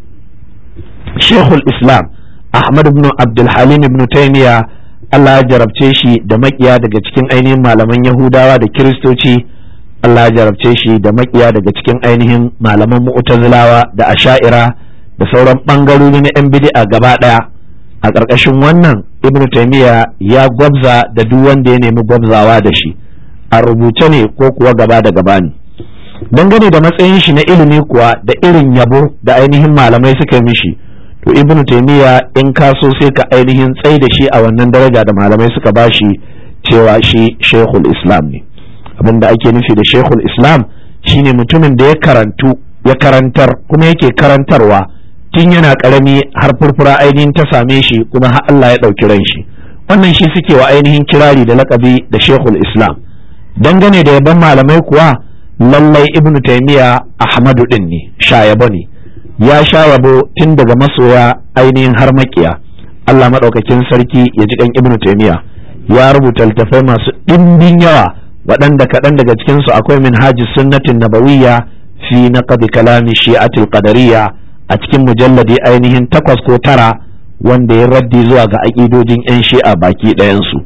shekul islam ahmad ibn abdulhalim ibn taimiya allah ya jarabce shi da makiya daga cikin ainihin malaman yahudawa da kiristoci allah ya jarabce shi da makiya daga cikin ainihin malaman mu'tazilawa da asha'ira da sauran ɓangarori na yan bid'a gaba daya. a ƙarƙashin wannan ibn taymiya ya gwabza da duk wanda ya nemi gwabzawa da shi a rubuce ne ko kuwa gaba da gaba ne dangane da matsayin shi na ilimi kuwa da irin yabo da ainihin malamai suka yi mishi to ibn taymiya in ka so sai ka ainihin tsai da shi a wannan daraja da malamai suka bashi cewa shi shekul islam ne abin da ake nufi da shehul islam shine mutumin da ya karantu ya karantar kuma yake karantarwa tun yana karami har furfura ainihin ta same shi kuma har Allah ya ɗauki ran shi wannan shi suke wa ainihin kirari da lakabi da shekul islam dangane da yaban malamai kuwa lallai ibn taimiya ahmadu din ne sha ne ya sha yabo tun daga masoya ainihin har makiya Allah maɗaukakin sarki ya ji kan ibn taimiya ya rubuta littafai masu ɗimbin yawa waɗanda kaɗan daga cikinsu akwai min haji sunnatin nabawiyya fi naqdi kalami shi'atul qadariyya a cikin mujalladi ainihin takwas ko tara wanda ya raddi zuwa ga aƙidojin 'yan shi'a baki ɗayansu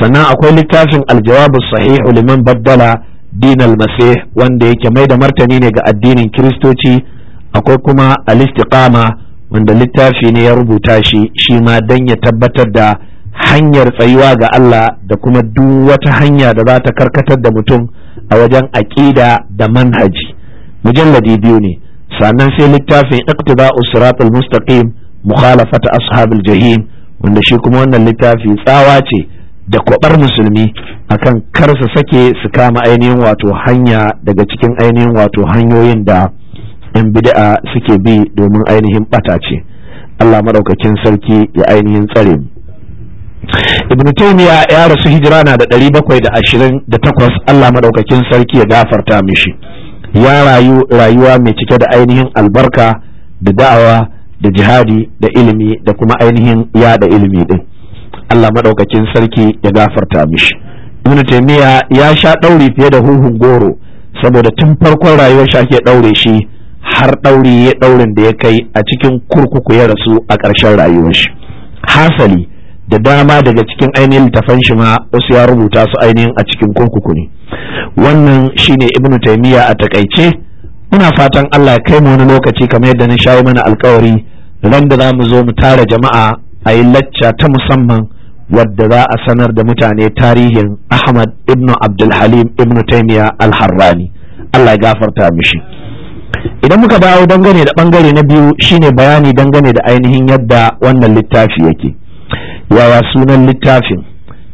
sannan akwai littafin aljawabu sahihu liman baddala din almasih wanda yake mai da martani ne ga addinin kiristoci akwai kuma alistiqama wanda littafi ne ya rubuta shi shi ma dan ya tabbatar da hanyar tsayuwa ga Allah da kuma duk wata hanya da za ta karkatar da mutum a wajen aƙida da manhaji mujalladi biyu ne sannan sai littafin iqtiba'us usratul mustaqim mukhalafata ashabil jahim wanda shi kuma wannan littafi tsawa ce da kwabar musulmi akan kar su sake su kama ainihin wato hanya daga cikin ainihin wato hanyoyin da yan bid'a suke bi domin ainihin bata ce Allah madaukakin sarki ya ainihin tsare mu ibn taymiya ya rasu hijira na da 728 Allah madaukakin sarki ya gafarta mishi ya rayu rayuwa mai cike da ainihin albarka da da'awa da jihadi da ilimi da kuma ainihin yada ilimi din Allah madaukakin sarki ya gafarta mishi Ibn Taymiyyah ya sha ɗauri fiye da huhun goro saboda tun farkon rayuwar shi ake ɗaure shi har ɗauri ya ɗaurin da ya kai a cikin kurkuku ya rasu a ƙarshen rayuwar shi hasali da dama daga cikin ainihin littafan shi ma wasu ya rubuta su ainihin a cikin kurkuku ne wannan shine ibnu taymiya a takaice muna fatan Allah ya kai mu wani lokaci kamar yadda na shawo mana alkawari ran da za mu zo mu tara jama'a a yi lacca ta musamman wadda za a sanar da mutane tarihin Ahmad ibn Abdulhalim Halim ibn Taymiya al-Harrani Allah ya gafarta mishi idan muka dawo dangane da bangare na biyu shine bayani dangane da ainihin yadda wannan littafi yake yaya sunan littafin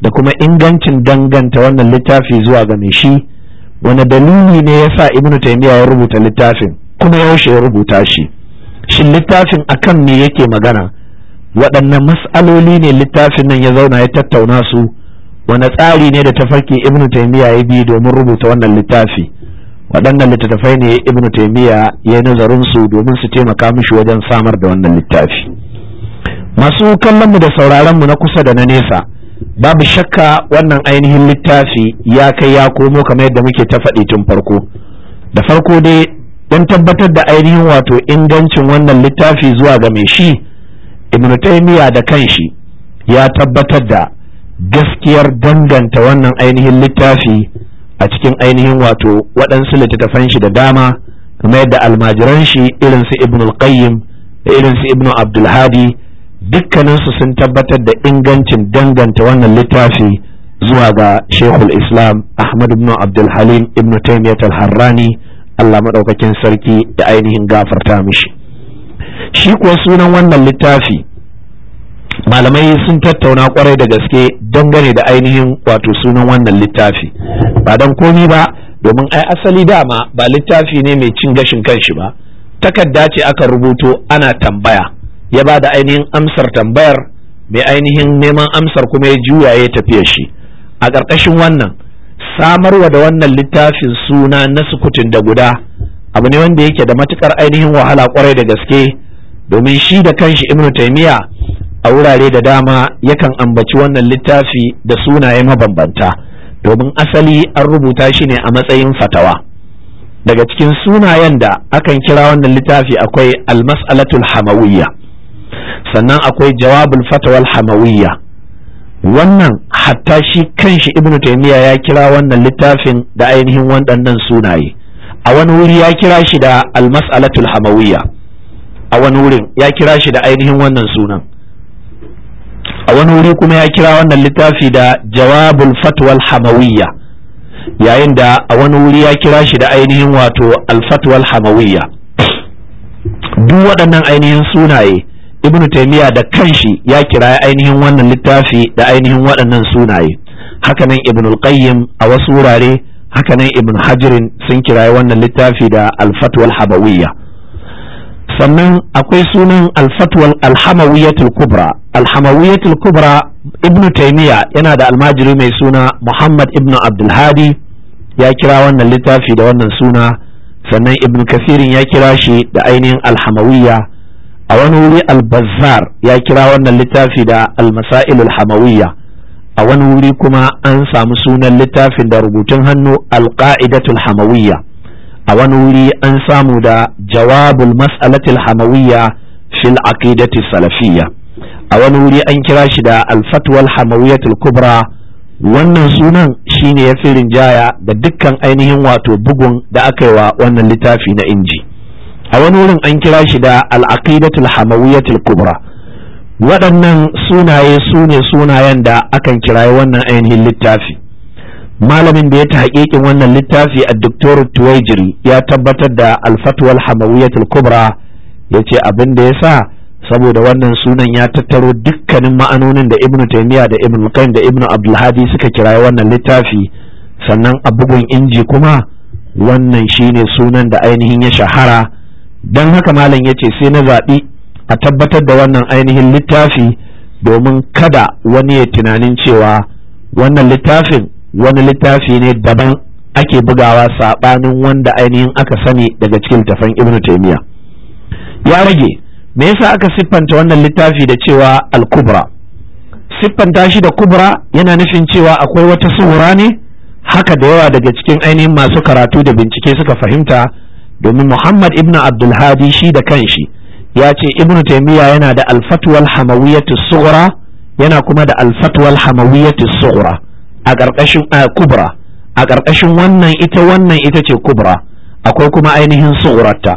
da kuma ingancin danganta wannan littafi zuwa ga mai shi wani dalili ne ya sa ibnu taimiya ya rubuta littafin kuma yaushe ya rubuta shi shi littafin akan ne yake magana waɗannan mas'aloli ne littafin nan ya zauna ya tattauna su wani tsari ne da tafarki ibnu taimiya ya bi domin rubuta wannan littafi waɗannan littattafai ne ibnu taymiya ya nazarin su domin su taimaka mishi wajen samar da wannan littafi masu kallon mu da sauraron mu na kusa da na nesa babu shakka wannan ainihin littafi ya kai ya komo kamar yadda muke ta faɗi tun farko da farko dai don tabbatar da ainihin wato ingancin wannan littafi zuwa ga mai shi ibn taymiya da kanshi ya tabbatar da gaskiyar danganta wannan ainihin littafi a cikin ainihin wato waɗansu littattafan shi da dama kamar yadda almajiran shi irinsu su ibn da irin ibnu abdulhadi dukkaninsu sun tabbatar da ingancin danganta wannan littafi zuwa ga shekul islam ahmad ibn abdul halim ibn taymiyyat al-harrani allah maɗaukakin sarki da ainihin gafarta mishi shi kuwa sunan wannan littafi malamai sun tattauna kwarai da gaske dangane da ainihin wato sunan wannan littafi ba don komi ba domin ai asali dama ba littafi ne mai cin gashin kanshi ba takarda ce aka rubuto ana tambaya ya ba da ainihin amsar tambayar mai ainihin neman amsar kuma ya juya ya tafiya shi a ƙarƙashin wannan samarwa da wannan littafin suna na sukutun da guda abu ne wanda yake da matukar ainihin wahala kwarai da gaske domin shi da kanshi ibnu taimiya a wurare da dama yakan ambaci wannan littafi da sunaye mabambanta domin asali an rubuta shi ne a matsayin fatawa daga cikin sunayen da akan kira wannan littafi akwai almas'alatul hamawiyya sannan akwai jawabul fatawal hamawiyya wannan hatta shi kanshi Ibn taymiya ya kira wannan littafin da ainihin waɗannan sunaye a wani wuri ya kira shi da almas'alatul hamawiyya a wani wurin ya kira shi da ainihin wannan sunan a wani wuri kuma ya kira wannan littafi da jawabul fatwal hamawiyya yayin da a wani wuri ya kira shi da ainihin wato alfatwal hamawiyya duk waɗannan ainihin sunaye ibn taymiya da kanshi ya kira ainihin wannan littafi da ainihin waɗannan sunaye hakanan ibn al-qayyim a wasu wurare hakanan ibn hajirin sun kira wannan littafi da al-fatwa al-habawiyya sannan akwai sunan al-fatwa al kubra al kubra ibn taymiya yana da almajiri mai suna muhammad ibn abdul hadi ya kira wannan littafi da wannan suna sannan ibn kasirin ya kira shi da ainihin al-hamawiyya a wani wuri albazar ya kira wannan littafi da almasailul hamawiyya a wani wuri kuma an samu sunan littafin da rubutun hannu alqa'idatul hamawiyya a wani wuri an samu da jawabul mas'alatil hamawiyya fil aqidati salafiyya a wani wuri an kira shi da alfatwal hamawiyatul kubra wannan sunan shine ya fi rinjaya da dukkan ainihin wato bugun da aka yi wa wannan littafi na inji a wani wurin an kira shi da al hamawiyatul kubra waɗannan sunaye su ne sunayen da akan kirayi wannan ainihin littafi malamin da ya ta hakikin wannan littafi a doktor tuwaijiri ya tabbatar da alfatuwal hamawiyatul kubra ya ce abin da ya sa saboda wannan sunan ya tattaro dukkanin ma'anonin da ibnu taimiyya da ibnu qayyim da ibnu abdulhadi suka kirayi wannan littafi sannan a bugun inji kuma wannan shine sunan da ainihin ya shahara don haka malam ya ce sai na zaɓi a tabbatar da wannan ainihin littafi domin kada wani ya tunanin cewa wannan littafin wani littafi ne daban ake bugawa saɓanin wanda ainihin aka sani daga cikin tafan ibnu taimiya ya rage me yasa aka siffanta wannan littafi da cewa al-kubra siffanta shi da kubra yana nufin cewa akwai wata suhura ne haka da yawa daga cikin ainihin masu karatu da bincike suka fahimta domin muhammad ibn abdulhadi shi da kanshi ya ce ibn taimiyya yana da alfatuwal Hamawiyatu sughra yana kuma da alfatuwal Hamawiyatu sughra a ƙarƙashin kubra a ƙarƙashin wannan ita wannan ita ce kubra akwai kuma ainihin sughratta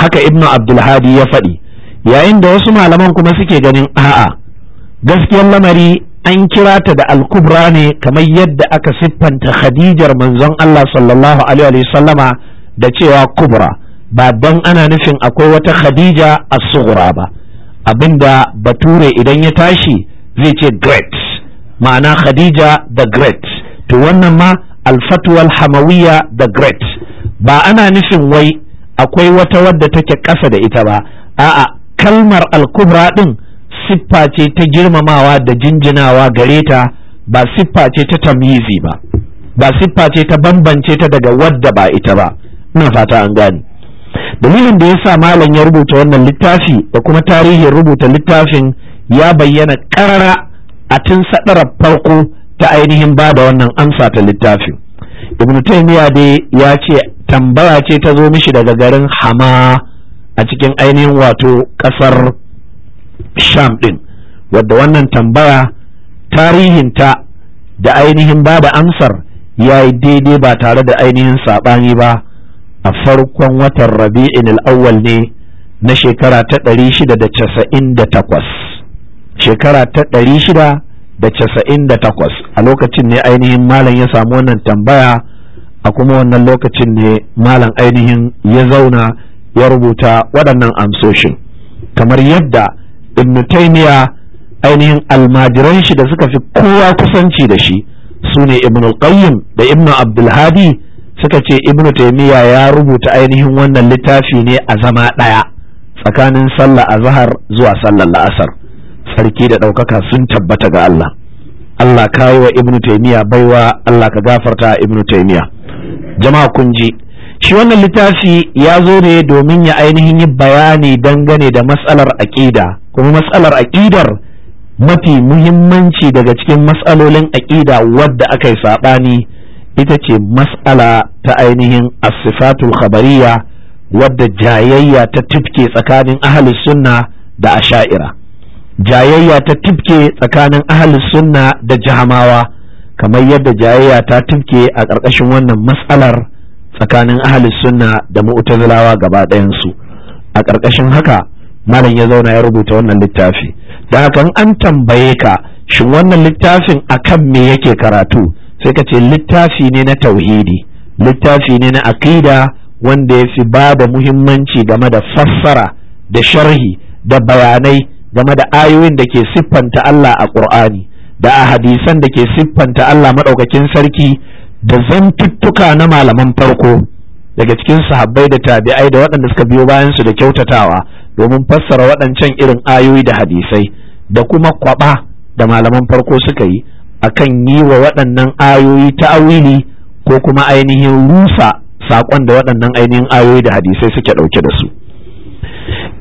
haka ibn abdulhadi ya faɗi yayin da wasu malaman kuma suke ganin a'a gaskiyar lamari an kira ta da alkubra ne kamar yadda aka siffanta khadijar manzon Allah sallallahu alaihi sallama da cewa kubra ba ana nufin akwai wata khadija a sugura ba abinda bature idan ya tashi zai ce great ma'ana khadija the great to wannan ma alfatuwal hamawiya the great ba ana nufin wai akwai wata wadda take ƙasa da ita ba a'a kalmar alkubra din siffa ce ta girmamawa da jinjinawa gare ta ba siffa ce ta tamyizi ba ba siffa ce ta bambance ta daga wadda ba ita ba na fata an gane dalilin da ya sa malam ya rubuta wannan littafi da kuma tarihin rubuta littafin ya bayyana karara a tun sadarar farko ta ainihin ba da wannan amsa ta littafi. ibn taymiya dai ya ce tambaya ce ta zo mishi daga garin hama a cikin ainihin wato kasar sham din wadda wannan tambaya tarihinta da ainihin ba da amsar ya yi daidai ba tare da ainihin saɓani ba a farkon watan rabi'in al'awwal ne na shekara ta 698 shekara ta 698 a lokacin ne ainihin malam ya samu wannan tambaya a kuma wannan lokacin ne malam ainihin ya zauna ya rubuta waɗannan amsoshin kamar yadda ibn taymiya ainihin almajiran shi da suka fi kowa kusanci da shi su ne ibn al-qayyim da ibn abdulhadi suka ce ibnu taimiyya ya rubuta ainihin wannan littafi ne a zama ɗaya tsakanin sallah a zahar zuwa sallar la'asar sarki da ɗaukaka sun tabbata ga Allah Allah kawo wa ibnu taimiyya baiwa Allah ka gafarta ibnu taimiyya jama'a kun ji shi wannan littafi ya zo ne domin ya ainihin yi bayani dangane da matsalar aƙida kuma matsalar aƙidar mafi muhimmanci daga cikin matsalolin aƙida wadda aka yi saɓani ita ce mas'ala ta ainihin asifatul khabariya wadda jayayya ta tifke tsakanin ahalus sunna da asha'ira jayayya ta tifke tsakanin ahalus sunna da jahamawa kamar yadda jayayya ta tifke a ƙarƙashin wannan mas'alar tsakanin ahalus sunna da mu'tazilawa gaba ɗayansu a ƙarƙashin haka malam ya zauna ya rubuta wannan littafi da haka an tambaye ka shin wannan littafin akan me yake karatu sai ka ce littafi ne na tauhidi littafi ne na aƙida wanda ya fi ba da muhimmanci game da fassara da sharhi da bayanai game da ayoyin da ke siffanta Allah a ƙur'ani da a hadisan da ke siffanta Allah maɗaukakin sarki da zantuttuka na malaman farko daga cikin sahabbai da tabi'ai da waɗanda suka biyo bayan su da kyautatawa domin fassara waɗancan irin ayoyi da hadisai da kuma kwaɓa da malaman farko suka yi akan yi wa waɗannan ayoyi ta'awili ko kuma ainihin rusa saƙon da waɗannan ainihin ayoyi da hadisai suke ɗauke da su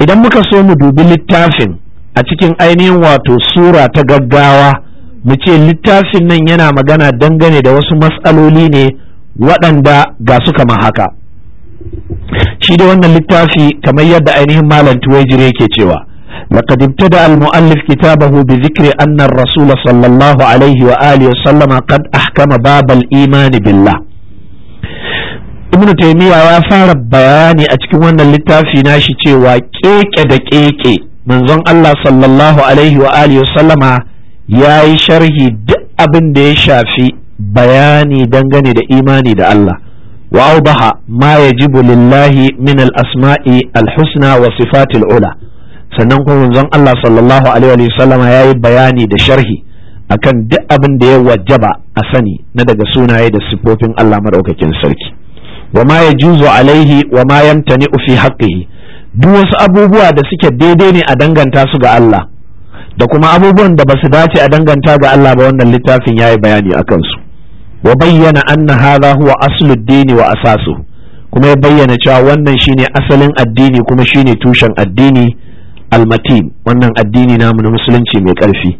idan muka so mu dubi littafin a cikin ainihin wato sura ta gaggawa mu ce littafin nan yana magana dangane da wasu matsaloli ne waɗanda ga su kama haka shi da wannan littafi kamar yadda ainihin malam jire ke cewa لقد ابتدأ المؤلف كتابه بذكر أن الرسول صلى الله عليه وآله وسلم قد أحكم باب الإيمان بالله ابن تيمية وفار بياني أتكوانا للتافي ناشي تيوى كيك دا كيك من ظن الله صلى الله عليه وآله وسلم يا شرهي دأبن دي شافي بياني دنغني دا إيماني دا الله وأوضح ما يجب لله من الأسماء الحسنى وصفات العلى sannan kuma manzon Allah sallallahu alaihi wa sallama yi bayani da sharhi akan duk abin da ya wajaba a sani na daga sunaye da siffofin Allah madaukakin sarki wa ma yajuzu alaihi wa ma yamtani fi haqqihi duk wasu abubuwa da suke daidai ne a danganta su ga Allah da kuma abubuwan da ba su dace a danganta ga Allah ba wannan littafin ya yi bayani akan su wa bayyana anna hadha huwa aslu wa asasu, kuma ya bayyana cewa wannan shine asalin addini kuma shine tushen addini almatin wannan addini namu na musulunci mai ƙarfi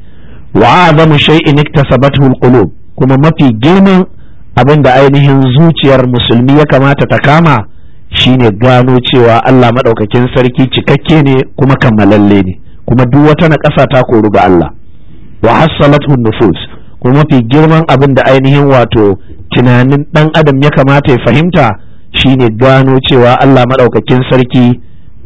wa azamu shay'in iktasabathu alqulub kuma mafi girman abin da ainihin zuciyar musulmi ya kamata ta kama shine gano cewa Allah madaukakin sarki cikakke ne kuma kammalalle ne kuma duk wata na ƙasa ta koru ga Allah wa hassalathu nufus kuma mafi girman abin da ainihin wato tunanin dan adam ya kamata ya fahimta shine gano cewa Allah madaukakin sarki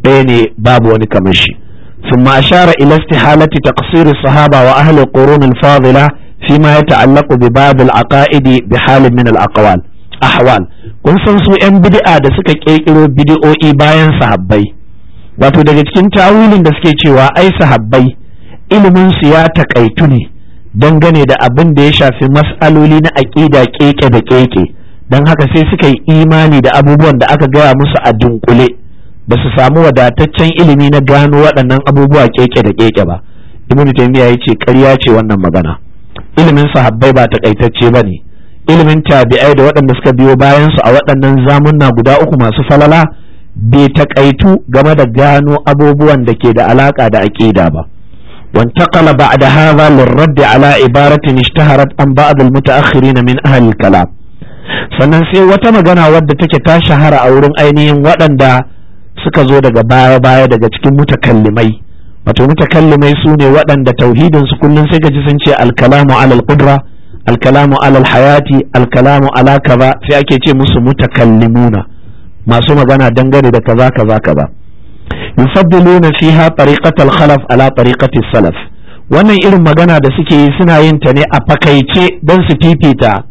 ɗaya ne babu wani kamar shi ثم أشار إلى استحالة تقصير الصحابة وأهل القرون الفاضلة فيما يتعلق بباب العقائد بحال من الأقوال أحوال kun san su 'yan bid'a da suka ƙirƙiro bidi'o'i bayan sahabbai wato daga cikin tawilin da suke cewa ai sahabbai ilimin su ya takaitu ne dangane da abin da ya shafi mas'aloli na aƙida keke da keke don haka sai suka yi imani da abubuwan da aka gaya musu a dunkule ba su samu wadataccen ilimi na gano waɗannan abubuwa keke da keke ba ibnu taymiya yace ƙarya ce wannan magana ilimin sahabbai ba takaitacce bane ilimin tabi'ai da waɗanda suka biyo bayan su a waɗannan zamunna guda uku masu falala bai takaitu game da gano abubuwan da ke da alaka da aqida ba وانتقل بعد هذا للرد على عبارة اشتهرت عن بعض المتأخرين من أهل الكلام sannan sai wata magana wadda take ta shahara a wurin ainihin waɗanda suka zo daga baya baya daga cikin mutakallimai wato mutakallimai su ne waɗanda tauhidin su kullum sai ji sun ce alkalamu alal qudra alkalamu alal hayati alkalamu ala kaza sai ake ce musu mutakallimuna masu magana dangane da kaza kaza kaza yufaddiluna fiha tariqatal khalaf ala tariqatis salaf wannan irin magana da suke yi suna yin ta ne a fakaice don su fifita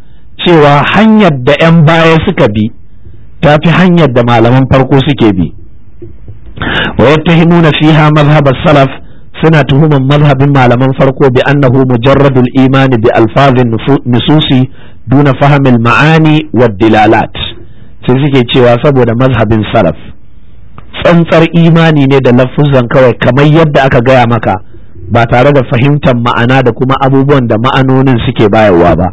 cewa hanyar da 'yan baya suka bi ta fi hanyar da malaman farko suke bi wa yattahimuna fiha madhhab salaf suna tuhuman mazhabin malaman farko bi annahu mujarradul imani bi alfazin nususi duna fahimil ma'ani wa dilalat sai suke cewa saboda mazhabin salaf tsantsar imani ne da lafuzan kawai kamar yadda aka gaya maka ba tare da fahimtar ma'ana da kuma abubuwan da ma'anonin suke bayarwa ba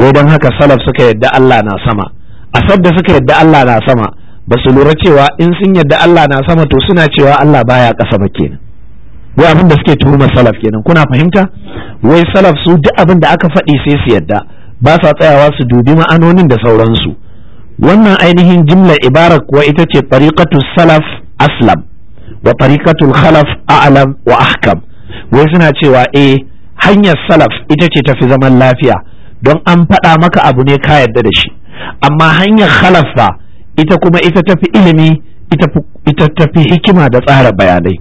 wai don haka salaf suka yadda Allah na sama asad da suka yadda Allah na sama ba su lura cewa in sun yadda Allah na sama to suna cewa Allah baya ƙasa ba kenan wai abin da suke tuhumar salaf kenan kuna fahimta wai salaf su duk abin da aka faɗi sai su yadda ba sa tsayawa su dubi ma'anonin da sauransu wannan ainihin jimla ibarar kuwa ita ce tariqatu salaf aslam wa tariqatu khalaf a'lam wa ahkam wai suna cewa eh hanyar salaf ita ce tafi zaman lafiya don an faɗa maka abu ne ka yadda da shi amma hanyar khalaf ba. ita kuma ita tafi ilimi ita tafi hikima da tsara bayanai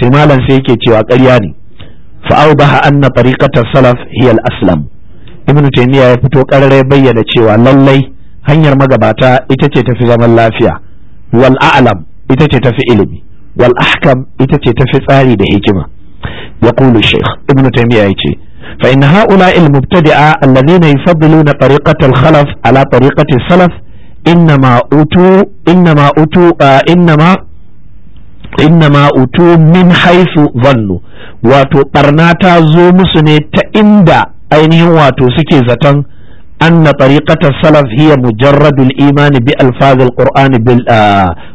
sai malam sai yake cewa ƙarya ne fa'aubaha anna tariqata salaf hiya al-aslam ibnu taymiya ya fito ƙarare bayyana cewa lallai hanyar magabata ita ce tafi zaman lafiya wal a'lam ita ce tafi ilimi wal ahkam ita ce tafi tsari da hikima يقول الشيخ ابن fa inna فإن هؤلاء المبتدعة الذين na طريقة الخلف ala طريقة salaf. innama utu utu innama innama utu min wato barna ta zo musu ne ta inda ainihin wato suke zaton أن salaf السلف هي مجرد الإيمان بألفاظ القرآن بال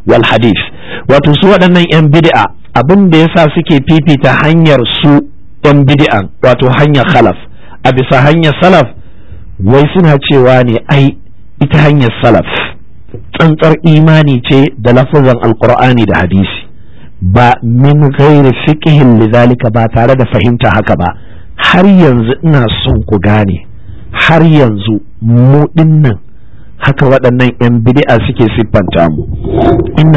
والحديث وتسوى أن ينبدأ abin da yasa suke fifita hanyar su ɗan bid'an wato hanyar khalaf a bisa hanyar salaf wai suna cewa ne ai ita hanyar salaf tsantsar imani ce da lafazan alkur'ani da hadisi ba min ghairi fiqhin lidhalika ba tare da fahimta haka ba har yanzu ina son ku gane har yanzu mu dinnan haka waɗannan 'yan bid'a suke siffanta mu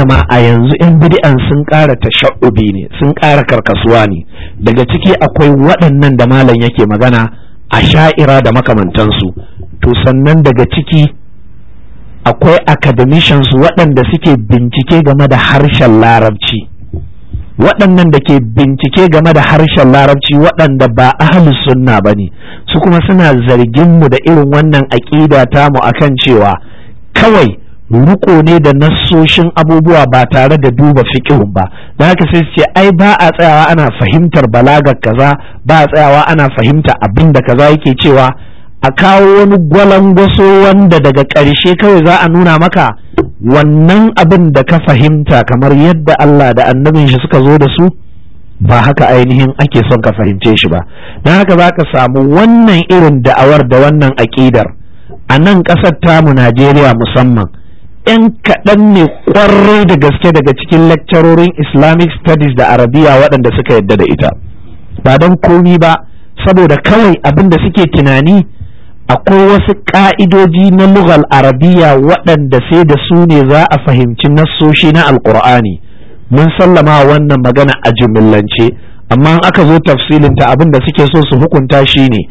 ma a yanzu 'yan bid'an sun ƙara tashaɓubi ne sun ƙara karkasuwa ne daga ciki akwai waɗannan da malam yake magana a sha'ira da makamantansu to sannan daga ciki akwai academicians waɗanda suke bincike game da harshen larabci waɗannan da ke bincike game da harshen larabci waɗanda ba ahli sunna ba ne su kuma suna zarginmu da irin wannan aƙida ta mu akan cewa kawai ruko ne da nassoshin abubuwa ba tare da duba fiƙihun ba da haka sai ce ai ba a tsayawa ana fahimtar balagar kaza ba a tsayawa ana fahimta abin da kaza yake cewa a kawo wani gwalangwaso wanda daga ƙarshe kawai za a nuna maka wannan abin da ka fahimta kamar yadda Allah da annabin shi suka zo da su ba haka ainihin ake son ka fahimce shi ba don haka za ka samu wannan irin da'awar da wannan aƙidar a nan ƙasar tamu Najeriya musamman ‘yan kaɗan ne ƙwarai da gaske daga cikin lakcarorin Islamic Studies da Arabiya waɗanda suka yadda da ita ba don komi ba saboda kawai abin da suke tunani akwai wasu ƙa'idoji na lugal arabiya waɗanda sai da su ne za a fahimci nassoshi na alƙur'ani mun sallama wannan magana a jimillance amma aka zo ta abin da suke so su hukunta shi ne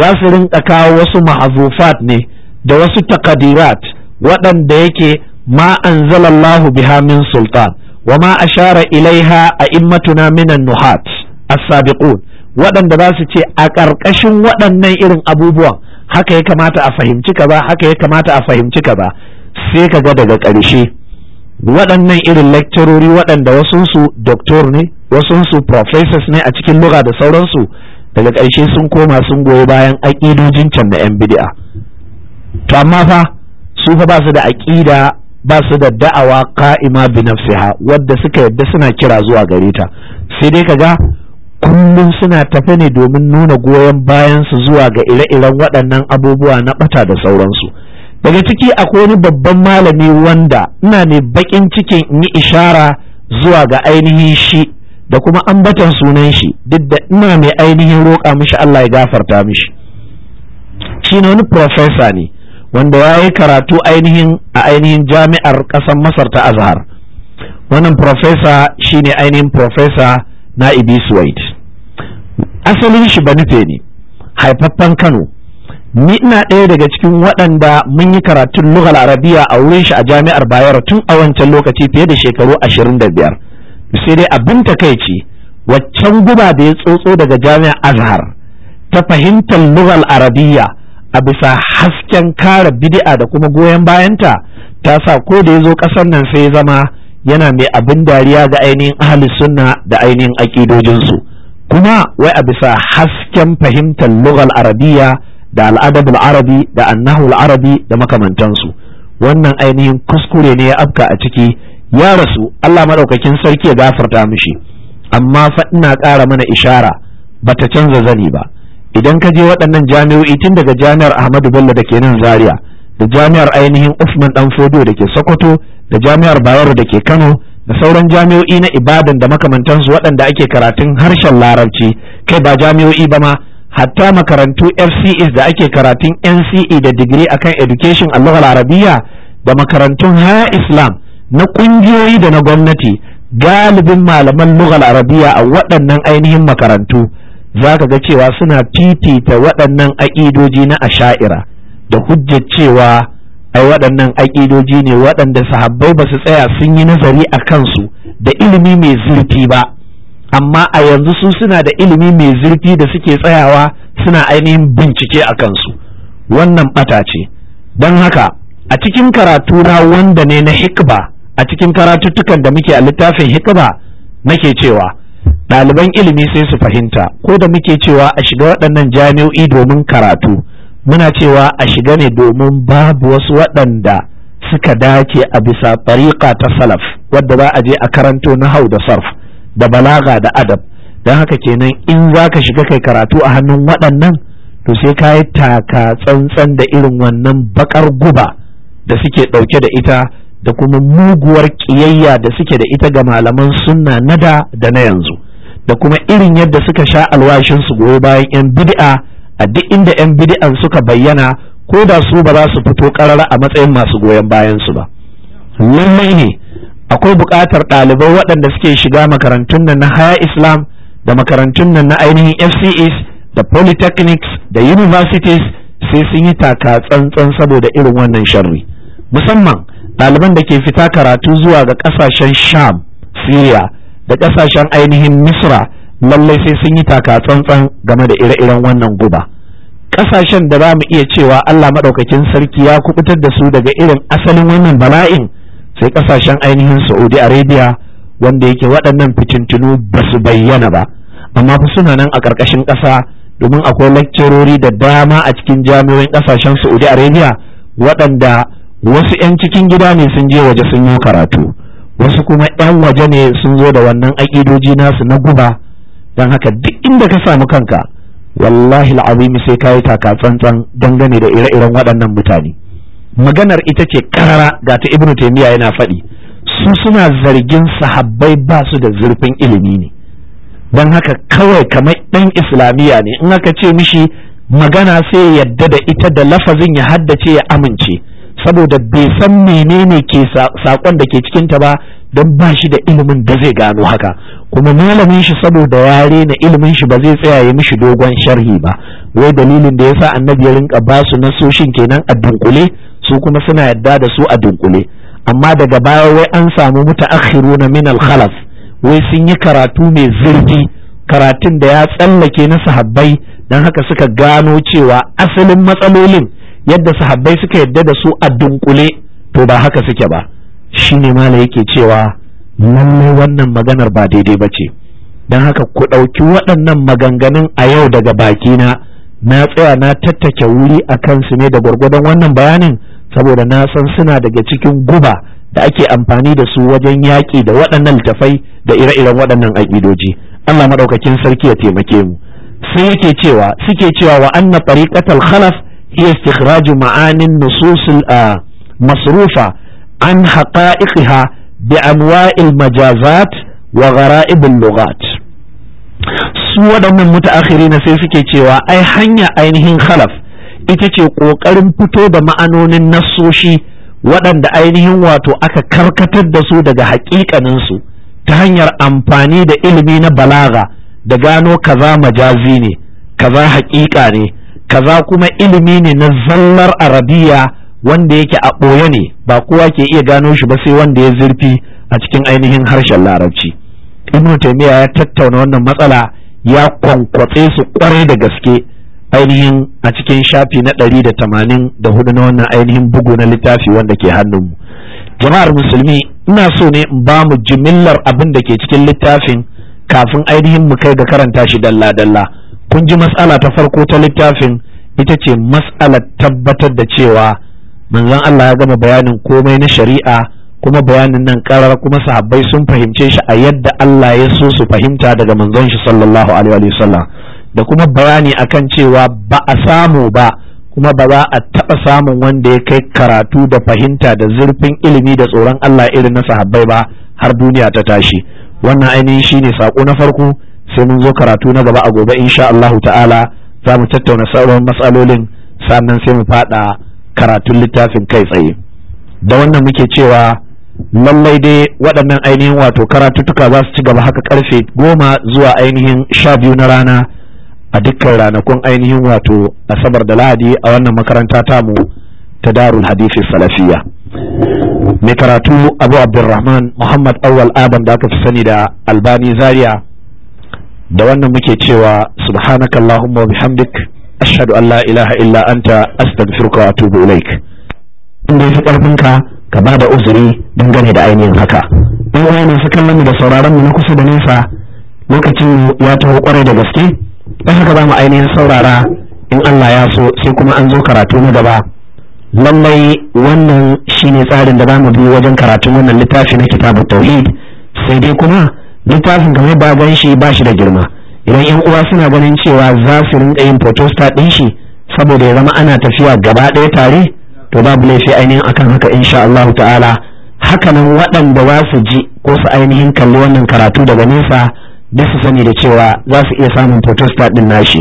za su rinka kawo wasu mahazufat ne da wasu takadirat waɗanda yake ma anzalallahu biha min sultan wa ma ashara ilaiha a immatuna minan nuhat as-sabiqun waɗanda za su ce a ƙarƙashin waɗannan irin abubuwan haka ya kamata a fahimci kaza haka ya kamata a fahimci kaza sai ka ga daga ƙarshe waɗannan irin lecturori waɗanda wasunsu doktor ne wasunsu professors ne a cikin lura da sauransu daga ƙarshe sun koma sun goyi bayan aƙidojin can na 'yan bidi'a to amma fa su fa ba su da aƙida ba su da da'awa ka'ima bi nafsiha wadda suka yadda suna kira zuwa gare ta sai dai ka ga. kullum suna tafe ne domin nuna goyon bayansu zuwa ga ire-iren waɗannan abubuwa na ɓata da sauransu daga ciki akwai wani babban malami wanda ina mai baƙin cikin in yi ishara zuwa ga ainihin shi da kuma ambatan sunan shi duk da ina mai ainihin roƙa mishi Allah ya gafarta mishi shi ne wani profesa ne wanda ya yi karatu ainihin a ainihin jami'ar ƙasar masar ta azhar wannan profesa shine ainihin profesa na white asalin shi ba nufe ne haifaffen kano ni ina ɗaya daga cikin waɗanda mun yi karatun lughal arabiya a wurin shi a jami'ar bayero tun a wancan lokaci fiye da shekaru ashirin da biyar sai dai abin takaici waccan guba da ya tsotso daga jami'ar azhar ta fahimtar lughal arabiya a bisa hasken kara bidi'a da kuma goyon bayanta ta sa ko da ya zo ƙasar nan sai zama yana mai abin dariya ga ainihin ahli sunna da ainihin aƙidojinsu kuma wai a bisa hasken fahimtar lughal arabiya da al'adabul arabi da annahul arabi da makamantansu wannan ainihin kuskure ne ya afka a ciki ya rasu Allah madaukakin sarki ya gafarta mishi amma fa ina ƙara mana ishara bata canza zani ba idan ka je waɗannan jami'o'i tun daga jami'ar Ahmadu Bello da ke nan Zaria da jami'ar ainihin Usman ɗan Fodo da ke Sokoto da jami'ar Bayero da ke Kano da sauran jami'o'i na ibadan da makamantansu waɗanda ake karatun harshen larabci kai ba jami'o'i ba ma hatta makarantu FCS da ake karatun nce da digiri akan education alluhal larabiya da makarantun haya islam na ƙungiyoyi da na gwamnati galibin malaman lughal arabiya a waɗannan ainihin makarantu za ka ga cewa suna titita waɗannan aƙidoji na asha'ira da hujjar cewa ai waɗannan aƙidoji ne waɗanda sahabbai ba su tsaya sun yi nazari a kansu da ilimi mai zurfi ba amma a yanzu su suna da ilimi mai zurfi da suke tsayawa suna ainihin bincike a kansu wannan ɓata ce don haka a cikin karatu na wanda ne na hikba a cikin karatuttukan da muke a littafin hikba nake cewa ɗaliban ilimi sai su fahimta ko da muke cewa a shiga waɗannan jami'o'i domin karatu muna cewa a shiga ne domin babu wasu waɗanda suka dace a bisa tariƙa ta salaf wadda za a je a karanto na hau da sarf da balaga da adab don haka kenan in za ka shiga kai karatu a hannun waɗannan to sai ka yi taka tsantsan da irin wannan bakar guba da suke ɗauke da ita da kuma muguwar ƙiyayya da suke da ita ga malaman sunna na da da na yanzu da kuma irin yadda suka sha alwashin su bayan 'yan bid'a a duk inda 'yan bidi'an suka bayyana ko da su ba za su fito karara a matsayin masu goyon bayan su ba lallai ne akwai buƙatar ɗalibai waɗanda suke shiga makarantun nan na haya islam da makarantun nan na ainihin fces da polytechnics da universities sai sun yi taka tsantsan saboda irin wannan sharri musamman ɗaliban da ke fita karatu zuwa ga ƙasashen sham syria da ƙasashen ainihin misra lallai sai sun yi taka tsantsan game da ire-iren wannan guba ƙasashen da za mu iya cewa Allah maɗaukakin sarki ya kubutar da su daga irin asalin wannan bala'in sai ƙasashen ainihin Saudi Arabia wanda yake waɗannan fitintunu ba su bayyana ba amma fa suna nan a ƙarƙashin ƙasa domin akwai lakcirori da dama a cikin jami'o'in ƙasashen Saudi Arabia waɗanda wasu 'yan cikin gida ne sun je waje sun yi karatu wasu kuma 'yan waje ne sun zo da wannan aƙidoji nasu na guba don haka duk inda ka samu kanka wallahi al'azimi sai ka yi taka tsantsan dangane da ire-iren waɗannan mutane maganar ita ce karara ga ta ibnu taimiyya yana faɗi su suna zargin sahabbai ba su da zurfin ilimi ne don haka kawai kamar ɗan islamiyya ne in aka ce mishi magana sai ya yadda da ita da lafazin ya haddace ya amince saboda bai san menene ke sakon da ke cikinta ba don ba shi da ilimin da zai gano haka kuma malamin shi saboda ya na ilimin shi ba zai tsaya ya mishi dogon sharhi ba wai dalilin da yasa annabi ya rinka ba su nasoshin kenan a dunkule su kuma suna yadda da su a dunkule amma daga baya wai an samu mutaakhiruna min al-khalaf wai sun yi karatu mai zurfi karatun da ya tsallake na sahabbai dan haka suka gano cewa asalin matsalolin yadda sahabbai suka yadda da su a dunkule to ba haka suke ba shi ne mala yake cewa lallai wannan maganar ba daidai ba ce don haka ku ɗauki waɗannan maganganun a yau daga bakina na tsaya na tattake wuri a kansu ne da gwargwadon wannan bayanin saboda na san suna daga cikin guba da ake amfani da su wajen yaƙi da waɗannan littafai da ire-iren waɗannan aƙidoji Allah maɗaukakin sarki ya taimake mu sai yake cewa suke cewa wa anna tariqatal khalaf iya istikhraju ma'anin nususul masrufa an haqa'iqiha bi amwa'il majazat wa ghara'ibil su waɗannan mutaakhirina sai suke cewa ai hanya ainihin khalaf ita ce ƙoƙarin fito da ma'anonin nassoshi waɗanda ainihin wato aka karkatar da su daga haƙiƙaninsu ta hanyar amfani da ilimi na balaga da gano kaza majazi ne kaza haƙiƙa ne kaza kuma ilimi ne na zallar arabiya wanda yake a ɓoye ne ba kowa ke iya gano shi ba sai wanda ya zurfi a cikin ainihin harshen larabci ibnu taymiya ya tattauna wannan matsala ya kwankwatse su kwarai da gaske ainihin a cikin shafi na ɗari da tamanin da hudu na wannan ainihin bugu na littafi wanda ke hannunmu jama'ar musulmi ina so ne in ba mu jimillar abin da ke cikin littafin kafin ainihin mu kai ga karanta shi dalla-dalla kun ji mas'ala ta farko ta littafin ita ce mas'alar tabbatar da cewa manzon Allah ya gama bayanin komai na shari'a kuma bayanin nan karar kuma sahabbai sun fahimce shi a yadda Allah ya so su fahimta daga manzon shi sallallahu alaihi sallam, da kuma bayani akan cewa ba a samu ba kuma ba za a taɓa samun wanda ya kai karatu da fahimta da zurfin ilimi da tsoron Allah irin na sahabbai ba har duniya ta tashi wannan ainihin shine sako na farko sai mun zo karatu na gaba a gobe insha Allah ta'ala za mu tattauna sauran matsalolin sannan sai mu fada karatun littafin kai tsaye da wannan muke cewa lallai dai waɗannan ainihin wato karatuttuka za su ci gaba haka karfe goma zuwa ainihin sha biyu na rana a dukkan ranakun ainihin wato asabar da lahadi a wannan makaranta tamu ta darul hadisi salafiya mai karatu abu abdulrahman muhammad awal adam da aka fi sani da albani zaria da wannan muke cewa subhanakallahumma wa bihamdik ashhadu an la ilaha illa anta astaghfiruka wa atubu ilaik in dai fi karfin ka ka bada uzuri dangane da ainihin haka in wani su kallon mu da sauraron mu na kusa da nesa lokacin ya taho kwarai da gaske don haka za mu ainihin saurara in Allah ya so sai kuma an zo karatu na gaba lallai wannan shine tsarin da za mu bi wajen karatun wannan littafi na kitabut tauhid sai dai kuma littafin kamar ba gan shi ba shi da girma idan yan uwa suna ganin cewa za su rinka yin fotosta din shi saboda ya zama ana tafiya gaba ɗaya tare to babu laifi ainihin akan haka insha Allah ta'ala hakanan waɗanda za su ji ko su ainihin kalli wannan karatu daga nesa da su sani da cewa za su iya samun fotosta din nashi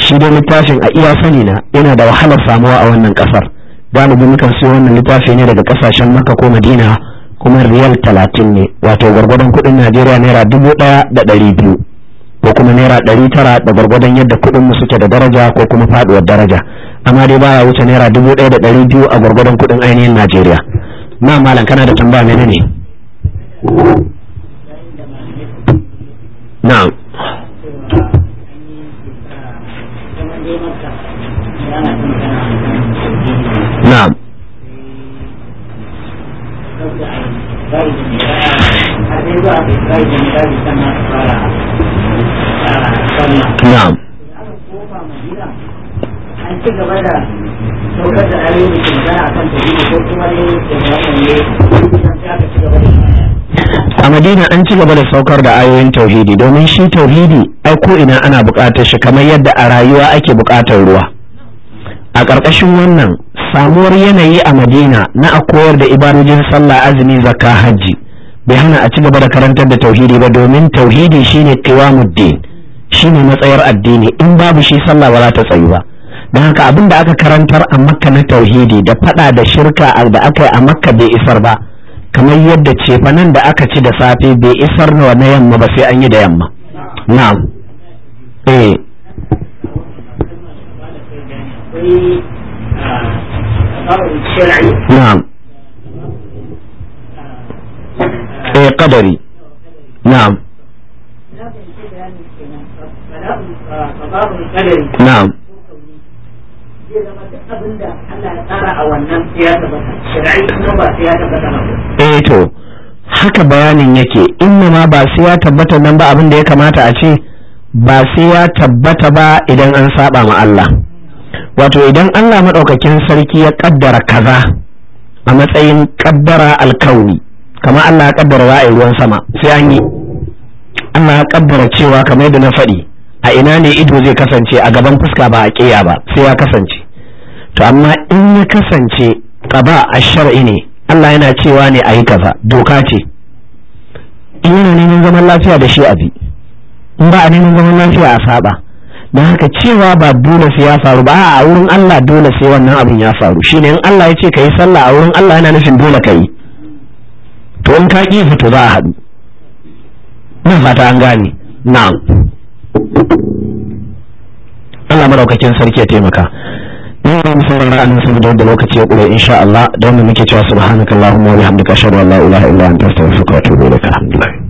shi dai littafin a iya sani na yana da wahalar samuwa a wannan kasar galibi mukan siyo wannan littafi ne daga kasashen makka ko madina kuma riyal talatin ne wato gwargwadon kuɗin najeriya naira dubu daya da dari biyu ko kuma naira dari tara da gwargwadon yadda kuɗin mu suke da daraja ko kuma faɗuwar daraja amma dai baya wuce naira dubu daya da ɗari biyu a gwargwadon kudin ainihin najeriya na malam kana da tambaya mene ne na'am a madina an ci gaba da saukar da ayoyin tauhidi domin shi tauhidi ai ko ina ana buƙatar shi kamar yadda a rayuwa ake buƙatar ruwa a ƙarƙashin wannan samuwar yanayi a madina na a koyar da ibadojin sallah azumi zakka hajji bai hana a ci gaba da karantar da tauhidi ba domin tauhidi shine qiyamuddin shine matsayar addini in babu shi sallah ba za ta tsayu ba don haka abin da aka karantar a makka na tauhidi da fada da shirka da aka yi a makka bai isar ba kamar yadda cefanen da aka ci da safe bai isar na yamma ba sai an yi da yamma na'am eh e ah, shar'i na'am ah, eh qadari eh to haka bayanin yake inna ma ba sai ya tabbata nan ba abin da ya kamata a ce ba sai ya tabbata ba idan an saba ma Allah wato idan Allah maɗaukakin sarki ya ƙaddara kaza a matsayin ƙaddara alkauni kamar Allah ya ƙaddara za a yi ruwan sama sai an yi Allah ya ƙaddara cewa kamar yadda na faɗi a ina ne ido zai kasance a gaban fuska ba a ƙiya ba sai ya kasance to amma in ya kasance kaba a shar'i ne Allah yana cewa ne a yi kaza doka ce in yana neman zaman lafiya da shi a bi in ba a neman zaman lafiya a saba da haka cewa ba dole sai ya faru ba a wurin Allah dole sai wannan abin ya faru shine in Allah ya ce ka yi sallah a wurin Allah yana nufin dole ka yi to in ka ƙi fito za a haɗu nan fata an gane na'am Allah maraukakin sarki ya taimaka mun ga musamman ra'ayin sun da lokaci ya ƙure insha Allah da wanda muke cewa subhanakallahumma wa bihamdika ashhadu an la ilaha illa anta astaghfiruka wa atubu ilaik alhamdulillah